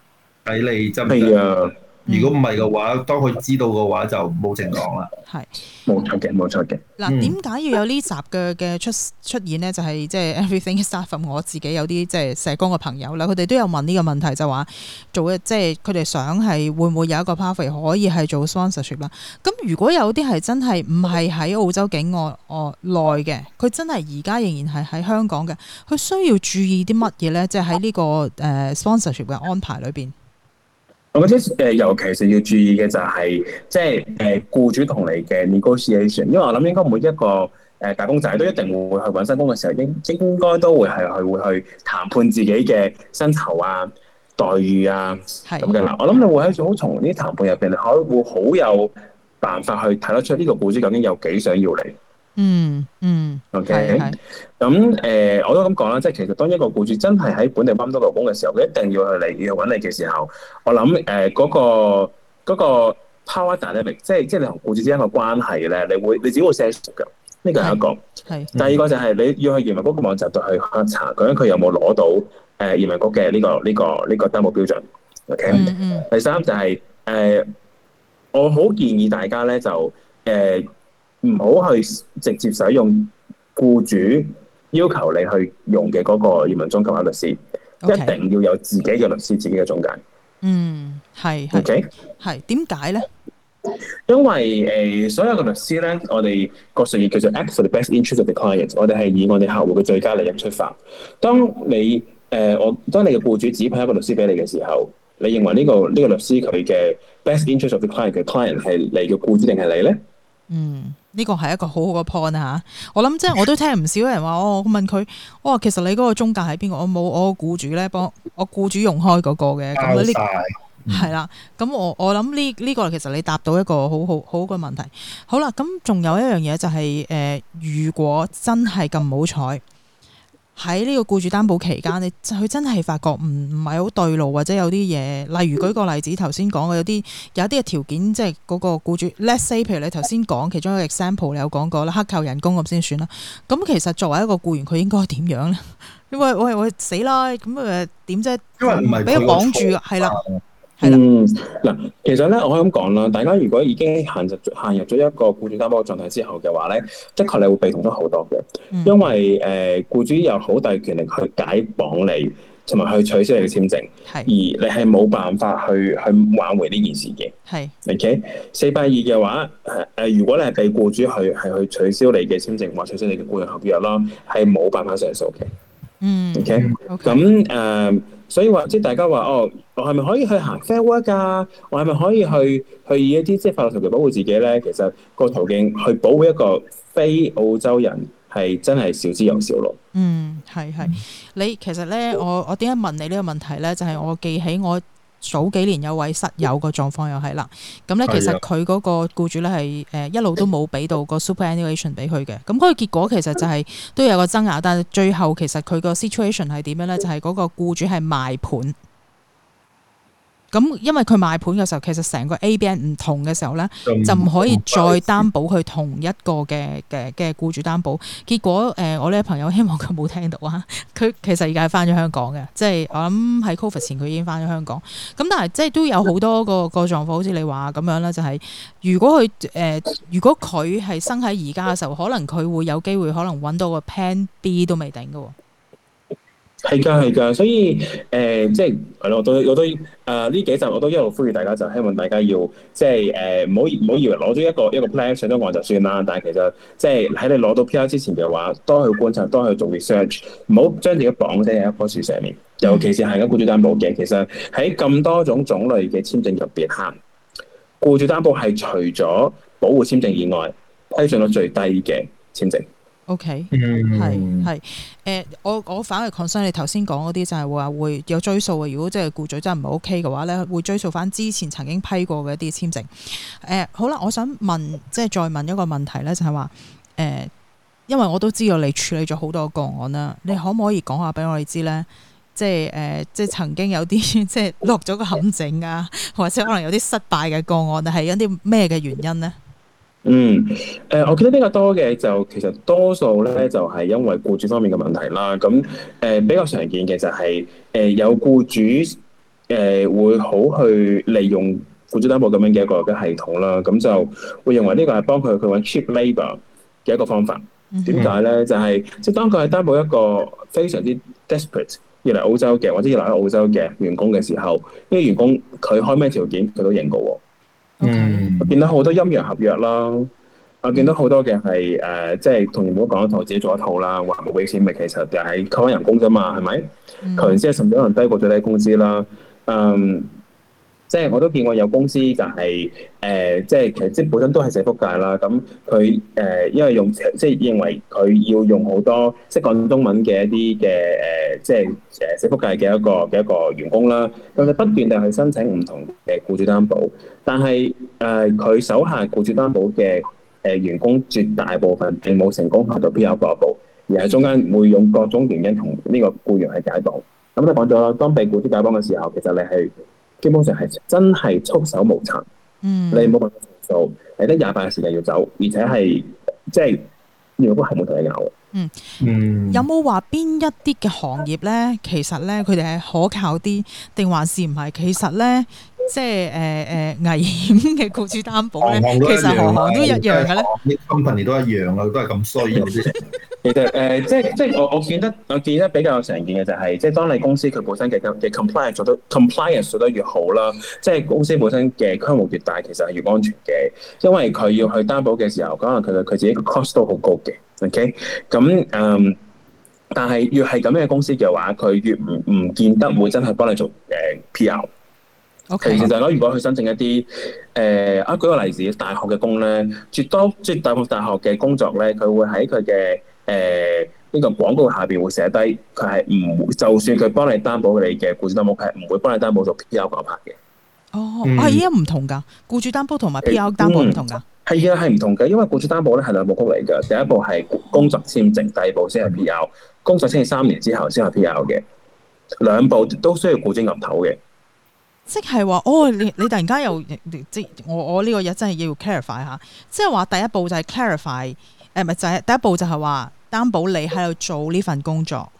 睇你得唔得。Yeah. 如果唔係嘅話，當佢知道嘅話就冇情講啦。係是，冇錯嘅，冇錯嘅。嗱、啊，點解要有集呢集嘅嘅出出現呢？嗯、就係即係 everything stuff。我自己有啲即係社工嘅朋友啦，佢哋都有問呢個問題，就話做即係佢哋想係會唔會有一個 pathway 可以係做 sponsorship 啦。咁如果有啲係真係唔係喺澳洲境外內嘅，佢真係而家仍然係喺香港嘅，佢需要注意啲乜嘢呢？即係喺呢個誒 sponsorship 嘅安排裏邊。嗯我覺得尤其是要注意嘅就係、是，即係誒僱主同你嘅 negotiation，因為我諗應該每一個誒打工仔都一定會去搵新工嘅時候，應應該都會係去會去談判自己嘅薪酬啊、待遇啊咁嘅啦。的我諗你會喺好從呢啲談判入邊，你會好有辦法去睇得出呢個僱主究竟有幾想要你。嗯嗯，OK，咁誒是、嗯呃，我都咁講啦，即係其實當一個僱主真係喺本地揾到勞工嘅時候，佢一定要去嚟，要揾你嘅時候，我諗誒嗰個、那個 power dynamic，即係即係你同僱主之間嘅關係咧，你會你只會 search 嘅，呢個係一個。第二個就係你要去移民局嘅網站度去核查，究竟佢有冇攞到誒移民局嘅呢、這個呢、這個呢、這個擔保、這個、標準。OK，嗯，嗯第三就係、是、誒、呃，我好建議大家咧就誒。呃呃唔好去直接使用僱主要求你去用嘅嗰個移民中介或律師，Okay. 一定要有自己嘅律師、自己嘅中介。嗯，係，OK，係點解咧？為呢因為誒、呃，所有嘅律師咧，我哋個術語叫做「act for the best interest of the client」，我哋係以我哋客戶嘅最佳利益出發。當你誒、呃、我當你嘅僱主指派一個律師俾你嘅時候，你認為呢、呢個呢、呢個律師佢嘅「best interest of the client」嘅 client 係你嘅僱主定係你咧？嗯。呢個係一個好好嘅 point 啊！我諗即係我都聽唔少人話、哦，我問佢，我、哦、其實你嗰個中介係邊個？我冇我僱主咧幫我僱主用開嗰個嘅，咁、嗯、呢、呢個係啦。咁、嗯嗯、我我諗呢呢個其實你答到一個好好好嘅問題。好啦，咁、嗯、仲有一樣嘢就係、是、誒、呃，如果真係咁好彩。喺呢個僱主擔保期間，你佢真係發覺唔唔係好對路，或者有啲嘢，例如舉個例子，頭先講嘅有啲有啲嘅條件，即係嗰個僱主。Let's say，譬如你頭先講其中一個 example，你有講過啦，剋扣人工咁先算啦。咁其實作為一個僱員，佢應該點樣咧？ [LAUGHS] 喂喂喂樣呢，因為喂，係死啦，咁誒點啫？因為唔係俾佢綁住，係啦。嗯嗱，其實咧，我可以咁講啦。大家如果已經陷入陷入咗一個僱主擔保狀態之後嘅話咧，的確你會被動咗好多嘅，嗯、因為誒、呃、僱主有好大權力去解綁你，同埋去取消你嘅簽證，而你係冇辦法去去挽回呢件事嘅。係是，OK，四百二嘅話誒、呃，如果你係被僱主去係去取消你嘅簽證或取消你嘅僱傭合約咯，係冇、嗯、辦法上訴嘅。嗯，OK，咁誒。所以話即係大家話哦，我係咪可以去行 fair work 㗎？我係咪可以去去以一啲即係法律途徑保護自己咧？其實個途徑去保護一個非澳洲人係真係少之又少咯。嗯，係係，你其實咧，我我點解問你呢個問題咧？就係、是、我記起我。早幾年有位室友個狀況又係啦，咁咧其實佢嗰個僱主咧係誒一路都冇俾到個 superannuation 俾佢嘅，咁嗰個結果其實就係都有個爭拗，但係最後其實佢個 situation 係點樣咧？就係、是、嗰個僱主係賣盤。咁因為佢賣盤嘅時候，其實成個 ABN 唔同嘅時候咧，對就唔可以再擔保佢同一個嘅嘅嘅僱主擔保。結果誒、呃，我呢個朋友希望佢冇聽到啊！佢 [LAUGHS] 其實而家係翻咗香港嘅，即係我諗喺 Covid 前佢已經翻咗香港。咁但係即係都有好多個個狀況，好似你話咁樣啦，就係、是、如果佢誒、呃，如果佢係生喺而家嘅時候，可能佢會有機會，可能揾到個 Plan B 都未定嘅喎。係噶，係噶，所以誒、呃，即係係咯，我都我都誒呢、呃、幾集我都一路呼籲大家就希望大家要即係誒，唔好唔好以為攞咗一個一個 plan 上咗岸就算啦。但係其實即係喺你攞到 PR 之前嘅話，多去觀察，多去做 research，唔好將自己綁死喺一棵樹上面。尤其是係講緊僱主擔保嘅，其實喺咁多種種類嘅簽證入邊嚇，僱主擔保係除咗保護簽證以外，批准到最低嘅簽證。O K，係係，誒 Okay,、嗯呃，我我反而 concern 你頭先講嗰啲，就係話會有追溯嘅。如果即係僱主真係唔 OK 嘅話咧，會追溯翻之前曾經批過嘅一啲簽證。誒、呃，好啦，我想問，即、就、係、是、再問一個問題咧，就係、是、話，誒、呃，因為我都知道你處理咗好多個案啦，你可唔可以講下俾我哋知咧？即係誒、呃，即係曾經有啲即係落咗個陷阱啊，或者可能有啲失敗嘅個案，但係因啲咩嘅原因咧？嗯，誒、呃，我記得比較多嘅就其實多數咧就係、是、因為僱主方面嘅問題啦，咁誒、呃、比較常見嘅就係、是、誒、呃、有僱主誒、呃、會好去利用僱主擔保咁樣嘅一個嘅系統啦，咁就會認為呢個係幫佢去揾 cheap labour 嘅一個方法。點解咧？就係、是、即係當佢係擔保一個非常之 desperate 要嚟澳洲嘅，或者要留喺澳洲嘅員工嘅時候，呢、這、啲、個、員工佢開咩條件佢都認過。嗯 Okay.、mm.，我見到好多陰陽合約咯，我見到好多嘅係誒，即係同唔好講一套，自己做一套啦，話冇俾錢咪，其實就係扣人工啫嘛，係咪？扣完之後甚至可能低過最低工資啦，嗯、呃。Mm. 即係我都見過有公司就係、是、誒、呃，即係其實即係本身都係社福界啦。咁佢誒，因為用即係認為佢要用好多識講中文嘅一啲嘅誒，即係誒社福界嘅一個嘅一個員工啦。咁佢不斷地去申請唔同嘅雇主擔保，但係誒佢手下雇主擔保嘅誒員工絕大部分並冇成功去到 PR 步，而係中間會用各種原因同呢個雇員係解僱保。咁你講咗啦，當被雇主解僱嘅時候，其實你係。基本上係真係束手無策，嗯，你冇辦法做，係得廿八嘅時間要走，而且係即係如果嗰係冇同你拗，嗯，嗯，有冇話邊一啲嘅行業咧？其實咧，佢哋係可靠啲，定還是唔係？其實咧。即係誒誒危險嘅僱主擔保咧，其實行行都一樣嘅咧，咁份年都一樣啦，都係咁衰嘅啫。佢誒、 [LAUGHS] 呃、即係即係我我見得我見得比較常見嘅就係、是，即係當你公司佢本身嘅嘅 compliance 做得 compliance 做得越好啦，即係公司本身嘅規模越大，其實係越安全嘅，因為佢要去擔保嘅時候，可能佢佢自己個 cost 都好高嘅。OK，咁嗯，但係越係咁樣嘅公司嘅話，佢越唔唔見得會真係幫你做誒 PR。Okay, okay. 其實就係如果去申請一啲誒、呃，啊舉個例子，大學嘅工咧，絕多即係大部分大學嘅工作咧，佢會喺佢嘅誒呢個廣告下邊會寫低，佢係唔就算佢幫你擔保你嘅僱主擔保係，唔會幫你擔保做 P.R. 嗰一 part 嘅。哦，係而家唔同噶，僱主擔保同埋 P.R. 擔保唔同噶。係而家係唔同噶，因為僱主擔保咧係兩部曲嚟嘅，第一步係工作簽證，第二步先係 P.R. 工作簽證三年之後先係 P.R. 嘅，兩步都需要僱主岌頭嘅。即係話哦，你你突然間又即我我呢個嘢真係要 clarify 下。即係話第一步就係 clarify，誒唔就係、是、第一步就係話擔保你喺度做呢份工作，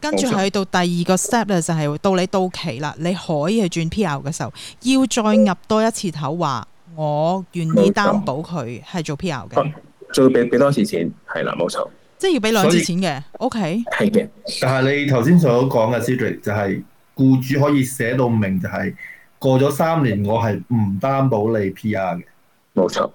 跟住去到第二個 step 咧就係、是、到你到期啦，你可以去轉 PR 嘅時候，要再入多一次頭話我願意擔保佢係做 PR 嘅，再俾俾多次錢係啦冇錯，即係要俾兩次錢嘅以，OK 係嘅。但係你頭先所講嘅 Cedric 就係、是。雇主可以寫到明就係、是、過咗三年，我係唔擔保你 PR 嘅。冇錯。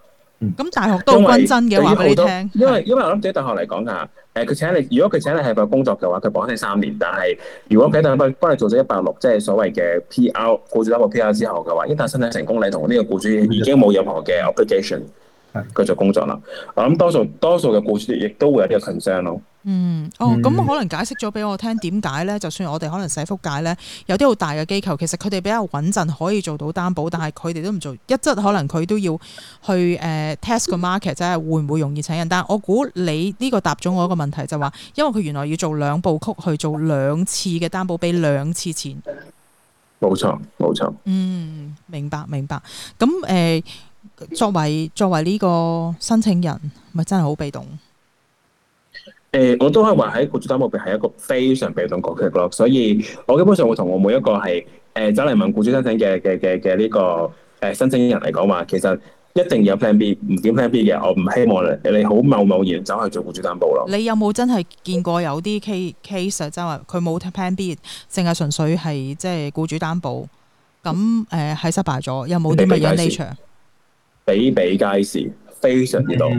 咁為大學都均真嘅話，好請的？因為因為我諗對大學嚟講啊，誒、呃、佢請你，如果佢請你係份工作嘅話，佢綁你三年。但係如果佢但係幫你做咗一百六，即係所謂嘅 PR，雇主擔保 PR 之後嘅話，一旦申請成功，你同呢個雇主已經冇任何嘅 obligation 繼續工作啦。我諗多數多數嘅雇主亦都會有呢個 concern 咯。嗯，哦，咁可能解釋咗俾我聽點解咧？就算我哋可能寫覆解咧，有啲好大嘅機構，其實佢哋比較穩陣，可以做到擔保，但係佢哋都唔做，一則，可能佢都要去誒、呃、test 個 market，即係會唔會容易請人？但我估你呢個答咗我一個問題就話，因為佢原來要做兩部曲去做兩次嘅擔保，俾兩次錢。冇錯，冇錯。嗯，明白，明白。咁誒、呃，作為作為呢個申請人，咪真係好被動。誒、欸，我都可以話喺僱主擔保嘅，係一個非常被動角色咯，所以我基本上會同我每一個係誒、呃、走嚟，問僱主申請嘅嘅嘅嘅呢個誒、呃、申請人嚟講話，其實一定有 plan B，唔點 plan B 嘅，我唔希望你你好貿貿然走去做僱主擔保咯。你有冇真係見過有啲 case，即係話佢冇 plan B，淨係純粹係即係僱主擔保，咁誒係失敗咗？有冇啲咩理場？比比皆是，非常之多，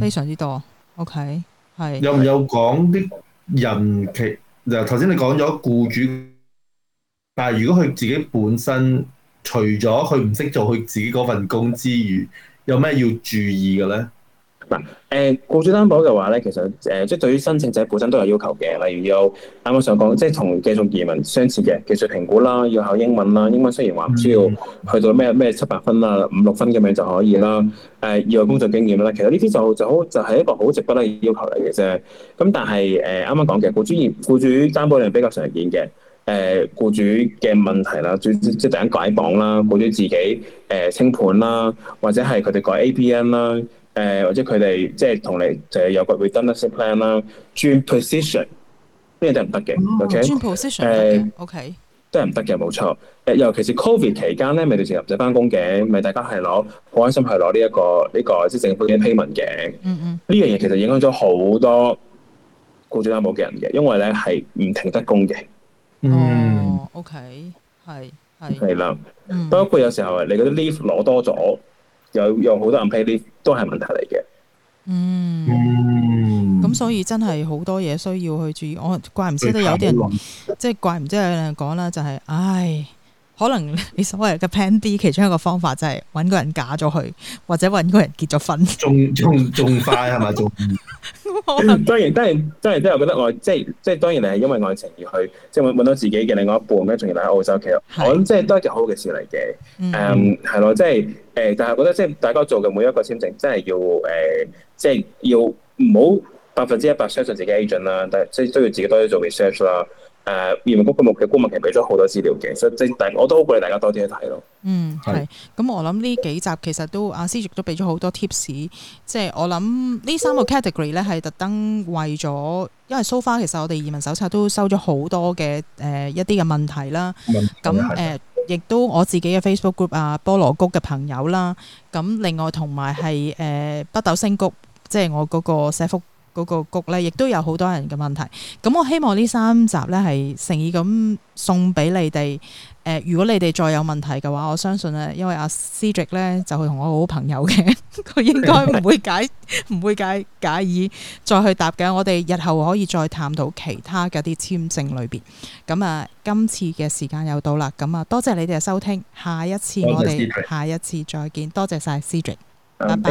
非常之多。OK。係，有唔有講啲人其就頭先你講咗僱主，但係如果佢自己本身除咗佢唔識做佢自己嗰份工之餘，有咩要注意嘅咧？嗱，誒僱主擔保嘅話咧，其實誒即係對於申請者本身都有要求嘅，例如有啱啱想講，即係同技術移民相似嘅技術評估啦，要考英文啦。英文雖然話唔需要去到咩咩七百分啦、五六分咁樣就可以啦。誒要有工作經驗啦，其實呢啲就就好就係一個好直不甩嘅要求嚟嘅啫。咁但係誒啱啱講嘅雇主業僱主擔保咧比較常見嘅誒僱主嘅問題啦，即係突然解綁啦，雇主自己誒清盤啦，或者係佢哋改 A P N 啦。誒，或者佢哋即係同你就係、是、有個 retirement plan 啦，轉、okay? position，呢啲、okay. 都係唔得嘅，O K？轉 position，誒，O K？都係唔得嘅，冇錯。誒，尤其是 covid 期間咧，咪就成日唔使翻工嘅，咪、hmm. 大家係攞好安心去攞呢一個呢個，即政府嘅 payment 嘅。嗯嗯、mm。呢樣嘢其實影響咗好多雇主擔保嘅人嘅，因為咧係唔停得工嘅。嗯，O K，係係係啦。Hmm. 的嗯。Hmm. 包括有時候你嗰啲 leave 攞多咗。Mm hmm. 有用好多暗批，呢都係問題嚟嘅。嗯，咁、嗯嗯、所以真係好多嘢需要去注意。我怪唔知得有啲人，即係怪唔知有人講啦，就係唉。可能你所謂嘅 plan D 其中一個方法就係揾個人嫁咗去，或者揾個人結咗婚。仲仲快係咪？仲。當然當然當然，即係我覺得愛即係即係當然，你係因為愛情而去，即係揾到自己嘅另外一半，咁仲要喺澳洲企落，我諗即係都係一件好好嘅事嚟嘅。嗯，係咯，即係誒，但係我覺得即係、嗯 um, 呃、大家做嘅每一個簽證真，真係要誒，即係要唔好百分之一百,百相信自己 agent 啦，但係即係都要自己多啲做 research 啦。誒、uh, 移民局嘅公民其實俾咗好多資料嘅，所以即係我都鼓勵大家多啲去睇咯。嗯，係。咁是、嗯、我諗呢幾集其實都阿 Sir 都俾咗好多 tips，即係我諗呢三個 category 咧係特登為咗，因為 so far 其實我哋移民手冊都收咗好多嘅誒、呃、一啲嘅問題啦。咁誒亦都我自己嘅 Facebook group 啊，菠蘿谷嘅朋友啦，咁另外同埋係誒北斗星谷，即、就、係、是、我嗰個社福，嗰個局咧，亦都有好多人嘅問題。咁我希望呢三集呢係誠意咁送俾你哋。誒、呃，如果你哋再有問題嘅話，我相信呢，因為阿 Cedric 咧就會同我好朋友嘅，佢 [LAUGHS] 應該唔會解，唔的 [LAUGHS] 會解解意再去答嘅。我哋日後可以再探討其他嘅啲簽證裏邊。咁啊，今次嘅時間又到啦。咁啊，多謝你哋收聽。下一次我哋下一次再見。多謝晒 Cedric，拜拜。